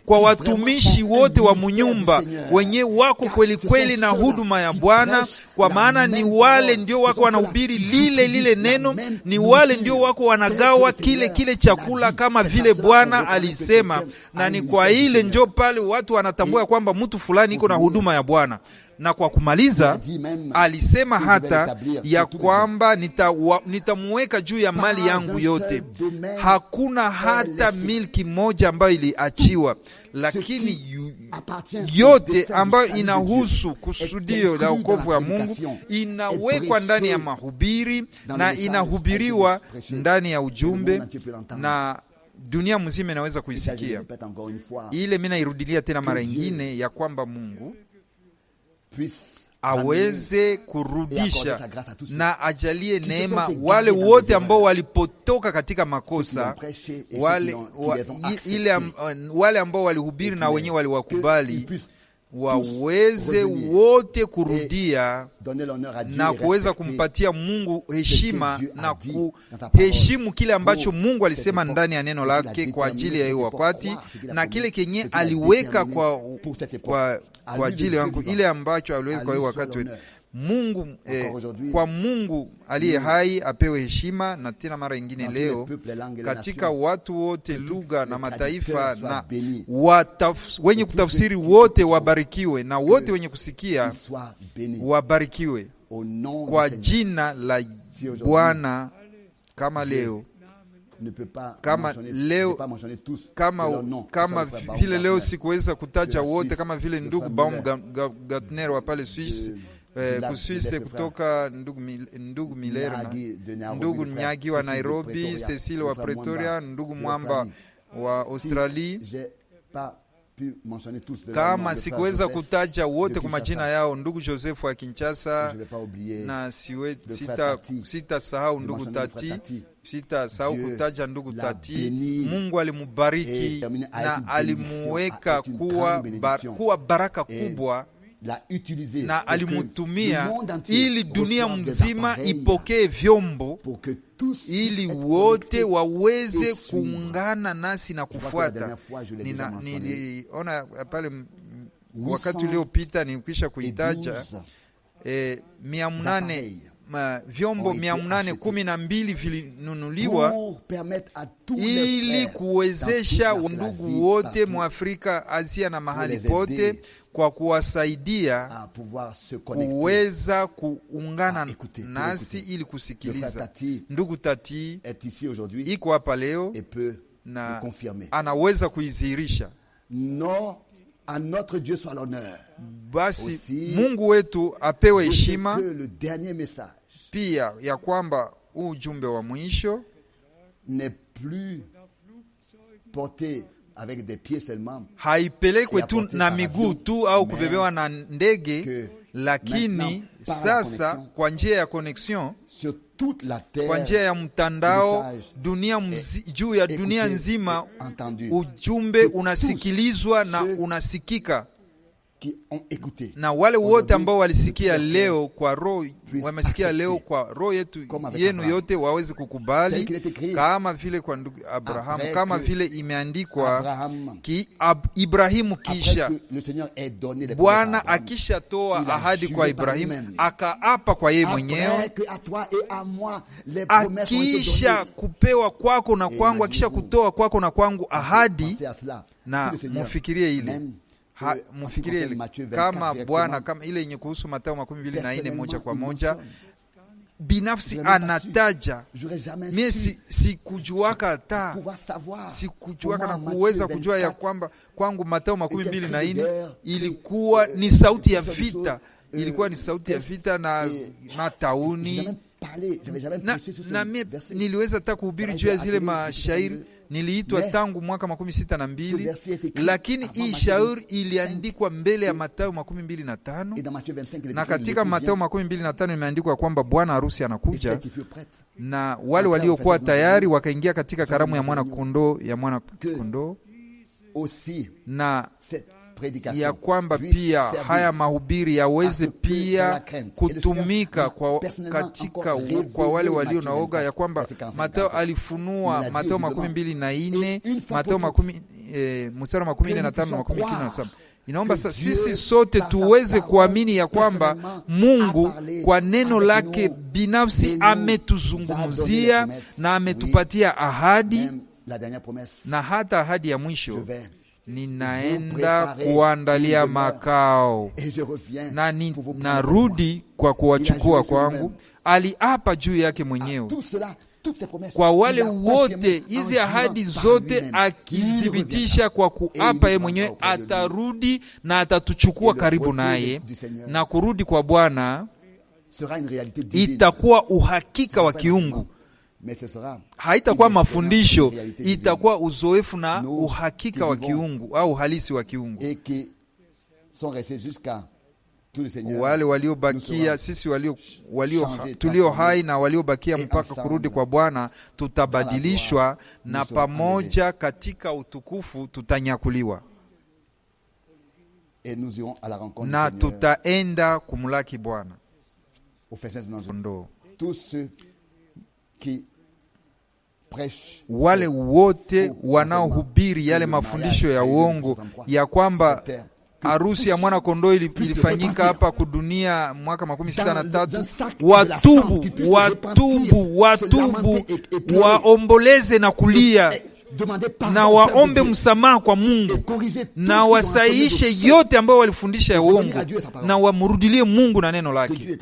kwa watumishi wote wa munyumba wenye wako kweli kweli na huduma ya Bwana, kwa maana ni wale ndio wako wanahubiri lile lile neno, ni wale ndio wako wanagawa kile kile chakula kama vile Bwana alisema, na ni kwa ile njo pale watu wanatambua kutambua kwamba mtu fulani iko na huduma ya Bwana. Na kwa kumaliza, alisema hata ya kwamba nitamuweka nita juu ya mali yangu yote. Hakuna hata milki moja ambayo iliachiwa, hmm. lakini yote ambayo inahusu kusudio la wokovu ya Mungu inawekwa ndani ya mahubiri na inahubiriwa ndani ya ujumbe na dunia mzima inaweza kuisikia ile. Mimi nairudilia tena mara ingine ya kwamba Mungu aweze kurudisha na ajalie neema wale wote ambao walipotoka katika makosa wale, wa, ile, wale ambao walihubiri na wenyewe waliwakubali waweze wote kurudia na kuweza kumpatia Mungu heshima na kuheshimu kile ambacho Mungu alisema ndani ya neno lake kwa ajili ya hiyo wakati na kile kenye aliweka kwa, kwa, kwa ajili yangu ile ambacho aliweka kwa hiyo wakati wetu. Mungu eh, kwa Mungu aliye hai apewe heshima na tena mara nyingine leo katika watu wote lugha na mataifa na wataf, wenye kutafsiri wote wabarikiwe na wote wenye kusikia wabarikiwe kwa jina la Bwana kama leo kama leo kama, kama vile leo sikuweza kutaja wote kama vile ndugu Baumgartner wa pale Swiss Eh, kuswise kutoka ndugu, ndugu Milerna, ndugu nyagi wa Nairobi, Cecile wa Pretoria, ndugu Mwamba wa Australie kama sikuweza kutaja wote kwa majina yao, ndugu Joseph wa Kinshasa, na siwe, sita ndugu Tati, sita sahau kutaja ndugu Tati. Mungu alimubariki na alimuweka kuwa, bar, kuwa baraka kubwa la na alimutumia ili dunia mzima ipokee vyombo ili wote waweze kuungana nasi na kufuata. Niliona pale wakati uliopita nilikwisha kuitaja eh, mia mnane ma, vyombo mia mnane kumi na mbili vilinunuliwa ili kuwezesha ndugu wote mwa Afrika, Asia na mahali pote kwa kuwasaidia kuweza kuungana ah, écoutez, nasi ili kusikiliza. ndugu Tati iko hapa leo na anaweza kuizihirisha A notre Dieu soit l'honneur. Basi Aussi, Mungu wetu apewe heshima pia, ya kwamba ujumbe wa mwisho n'est plus porté haipelekwe tu na miguu tu au kubebewa na ndege, lakini sasa kwa njia ya connexion kwa njia ya mtandao dunia mzi, juu ya dunia nzima, ujumbe unasikilizwa na unasikika. Qui ont écouté. Na wale wote ambao walisikia leo kwa roho, wamesikia leo kwa roho yetu yenu yote waweze kukubali kama vile kwa ndugu Abrahamu, kama vile imeandikwa ki ab, Ibrahimu kisha Bwana akisha toa ahadi kwa Ibrahimu akaapa kwa yeye mwenyewe, akisha kupewa kwako na kwangu, akisha kutoa kwako na kwangu ahadi, na mufikirie ile mfikirie kama Bwana, kama ile yenye kuhusu Mathayo makumi mbili na nne moja kwa moja binafsi anataja mie sikujuaka si hata sikujuaka na kuweza kujua ya kwamba kwangu Mathayo makumi mbili na nne euh, euh, euh, ilikuwa ni sauti ya vita, ilikuwa ni sauti ya vita na matauni na, na mie niliweza hata kuhubiri juu ya zile mashairi niliitwa tangu mwaka makumi sita na mbili lakini hii shauri iliandikwa mbele ya Matayo makumi mbili na tano na katika Matayo makumi mbili na tano imeandikwa kwamba bwana harusi anakuja, na wale waliokuwa tayari wakaingia katika karamu ya mwana kondoo ya mwana kondoo na ya kwamba pia haya mahubiri yaweze pia kutumika kwa, katika kwa wale walio na oga, ya kwamba Mateo alifunua Mateo makumi mbili na ine Mateo makumi eh, mstari makumi ine na tano makumi na saba inaomba sisi sote tuweze kuamini ya kwamba Mungu kwa neno lake binafsi ametuzungumzia na ametupatia ahadi na hata ahadi ya mwisho ninaenda kuandalia makao na ninarudi kwa kuwachukua kwangu. Aliapa juu yake mwenyewe ah, kwa wale wote, hizi ahadi zote akithibitisha kwa kuapa yeye mwenyewe, atarudi na atatuchukua karibu naye, na kurudi kwa Bwana itakuwa uhakika wa kiungu haitakuwa mafundisho, itakuwa uzoefu na uhakika wa kiungu au uhalisi wa kiungu. Wale waliobakia sisi walio, walio, tulio hai na waliobakia mpaka kurudi kwa Bwana tutabadilishwa na pamoja katika utukufu tutanyakuliwa na tutaenda kumlaki Bwana wale wote wanaohubiri yale mafundisho ya uongo ya kwamba harusi ya mwana kondoo ilifanyika hapa kudunia mwaka makumi sita na tatu. Watubu, watubu, watubu, waomboleze na kulia na waombe msamaha kwa Mungu na wasaishe yote ambayo walifundisha ya uongo, na wamurudilie Mungu na neno lake,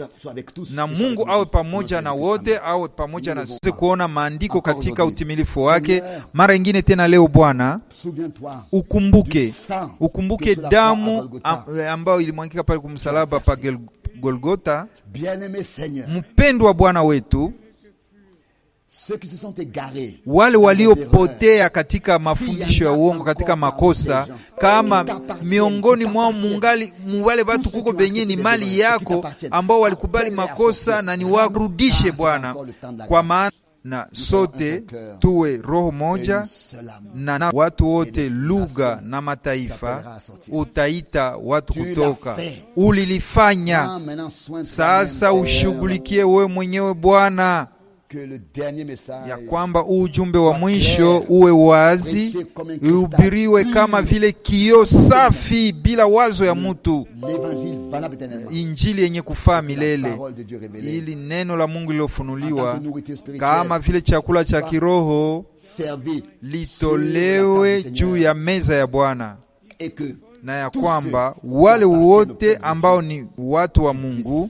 na Mungu awe pamoja na wote, awe pamoja na sisi kuona maandiko katika utimilifu wake. Mara ingine tena leo, Bwana, ukumbuke ukumbuke damu eh, ambayo ilimwangika pale kumsalaba pa Golgota. Mpendwa Bwana wetu wale waliopotea katika mafundisho ya uongo katika makosa, kama miongoni mwao mungali wale watu kuko benye ni mali yako ambao walikubali makosa, na ni warudishe Bwana, kwa maana na sote tuwe roho moja na, na watu wote lugha na mataifa utaita watu kutoka. Ulilifanya, sasa ushughulikie wewe mwenyewe Bwana ya kwamba huu ujumbe wa mwisho uwe wazi, uhubiriwe kama vile kioo safi, bila wazo ya mutu, injili yenye kufaa milele, ili neno la Mungu lilofunuliwa kama vile chakula cha kiroho litolewe juu ya meza ya Bwana na ya kwamba wale wote ambao ni watu wa Mungu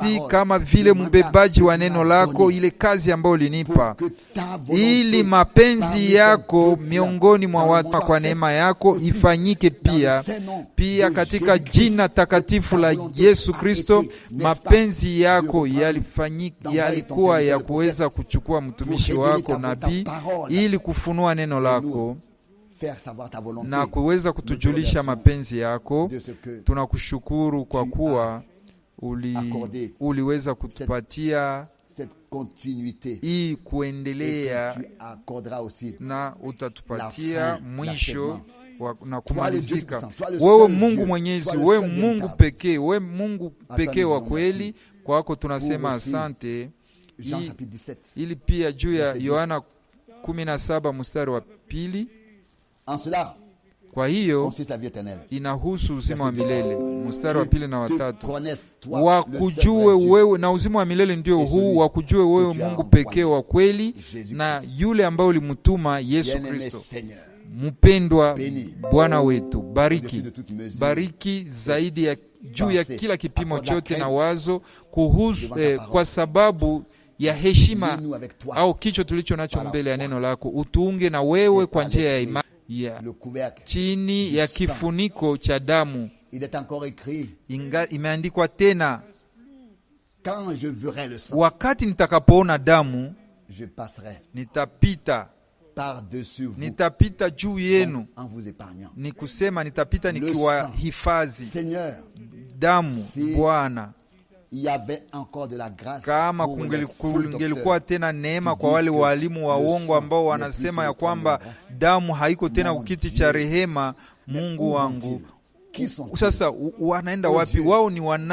si kama vile mbebaji wa neno lako, ile kazi ambayo ulinipa, ili mapenzi yako miongoni mwa watu kwa neema yako ifanyike pia pia katika jina takatifu la Yesu Kristo. Mapenzi yako yalikuwa ya kuweza kuchukua mtumishi wako nabii, ili kufunua neno lako na kuweza kutujulisha mapenzi yako. Tunakushukuru kwa kuwa uli, uliweza kutupatia hii kuendelea na utatupatia mwisho wa, na kumalizika. Wewe Mungu Mwenyezi, wewe Mungu pekee, wewe Mungu pekee wa kweli, kwako tunasema asante. Ili pia juu ya Yohana 17 mstari wa pili. Kwa hiyo oh, inahusu uzima wa milele. Mstari wa pili na watatu, wakujue wewe na uzima wa milele ndio huu, wakujue wewe Mungu pekee wa kweli na yule ambaye ulimtuma Yesu Kristo. Mpendwa Bwana wetu, bariki bariki zaidi ya juu ya kila kipimo chote na wazo kuhusu eh, kwa sababu ya heshima au kicho tulicho nacho mbele ya neno lako, utuunge na wewe eh, kwa njia ya imani ya chini ya kifuniko cha damu. Imeandikwa tena, wakati nitakapoona damu nitapita nitapita juu yenu, ni kusema nitapita nikiwahifadhi. Damu Bwana kama kungelikuwa tena neema kwa wale waalimu waongo ambao wanasema ya kwamba damu haiko tena kukiti cha rehema. Mungu wangu, sasa wanaenda wapi? Wao ni wana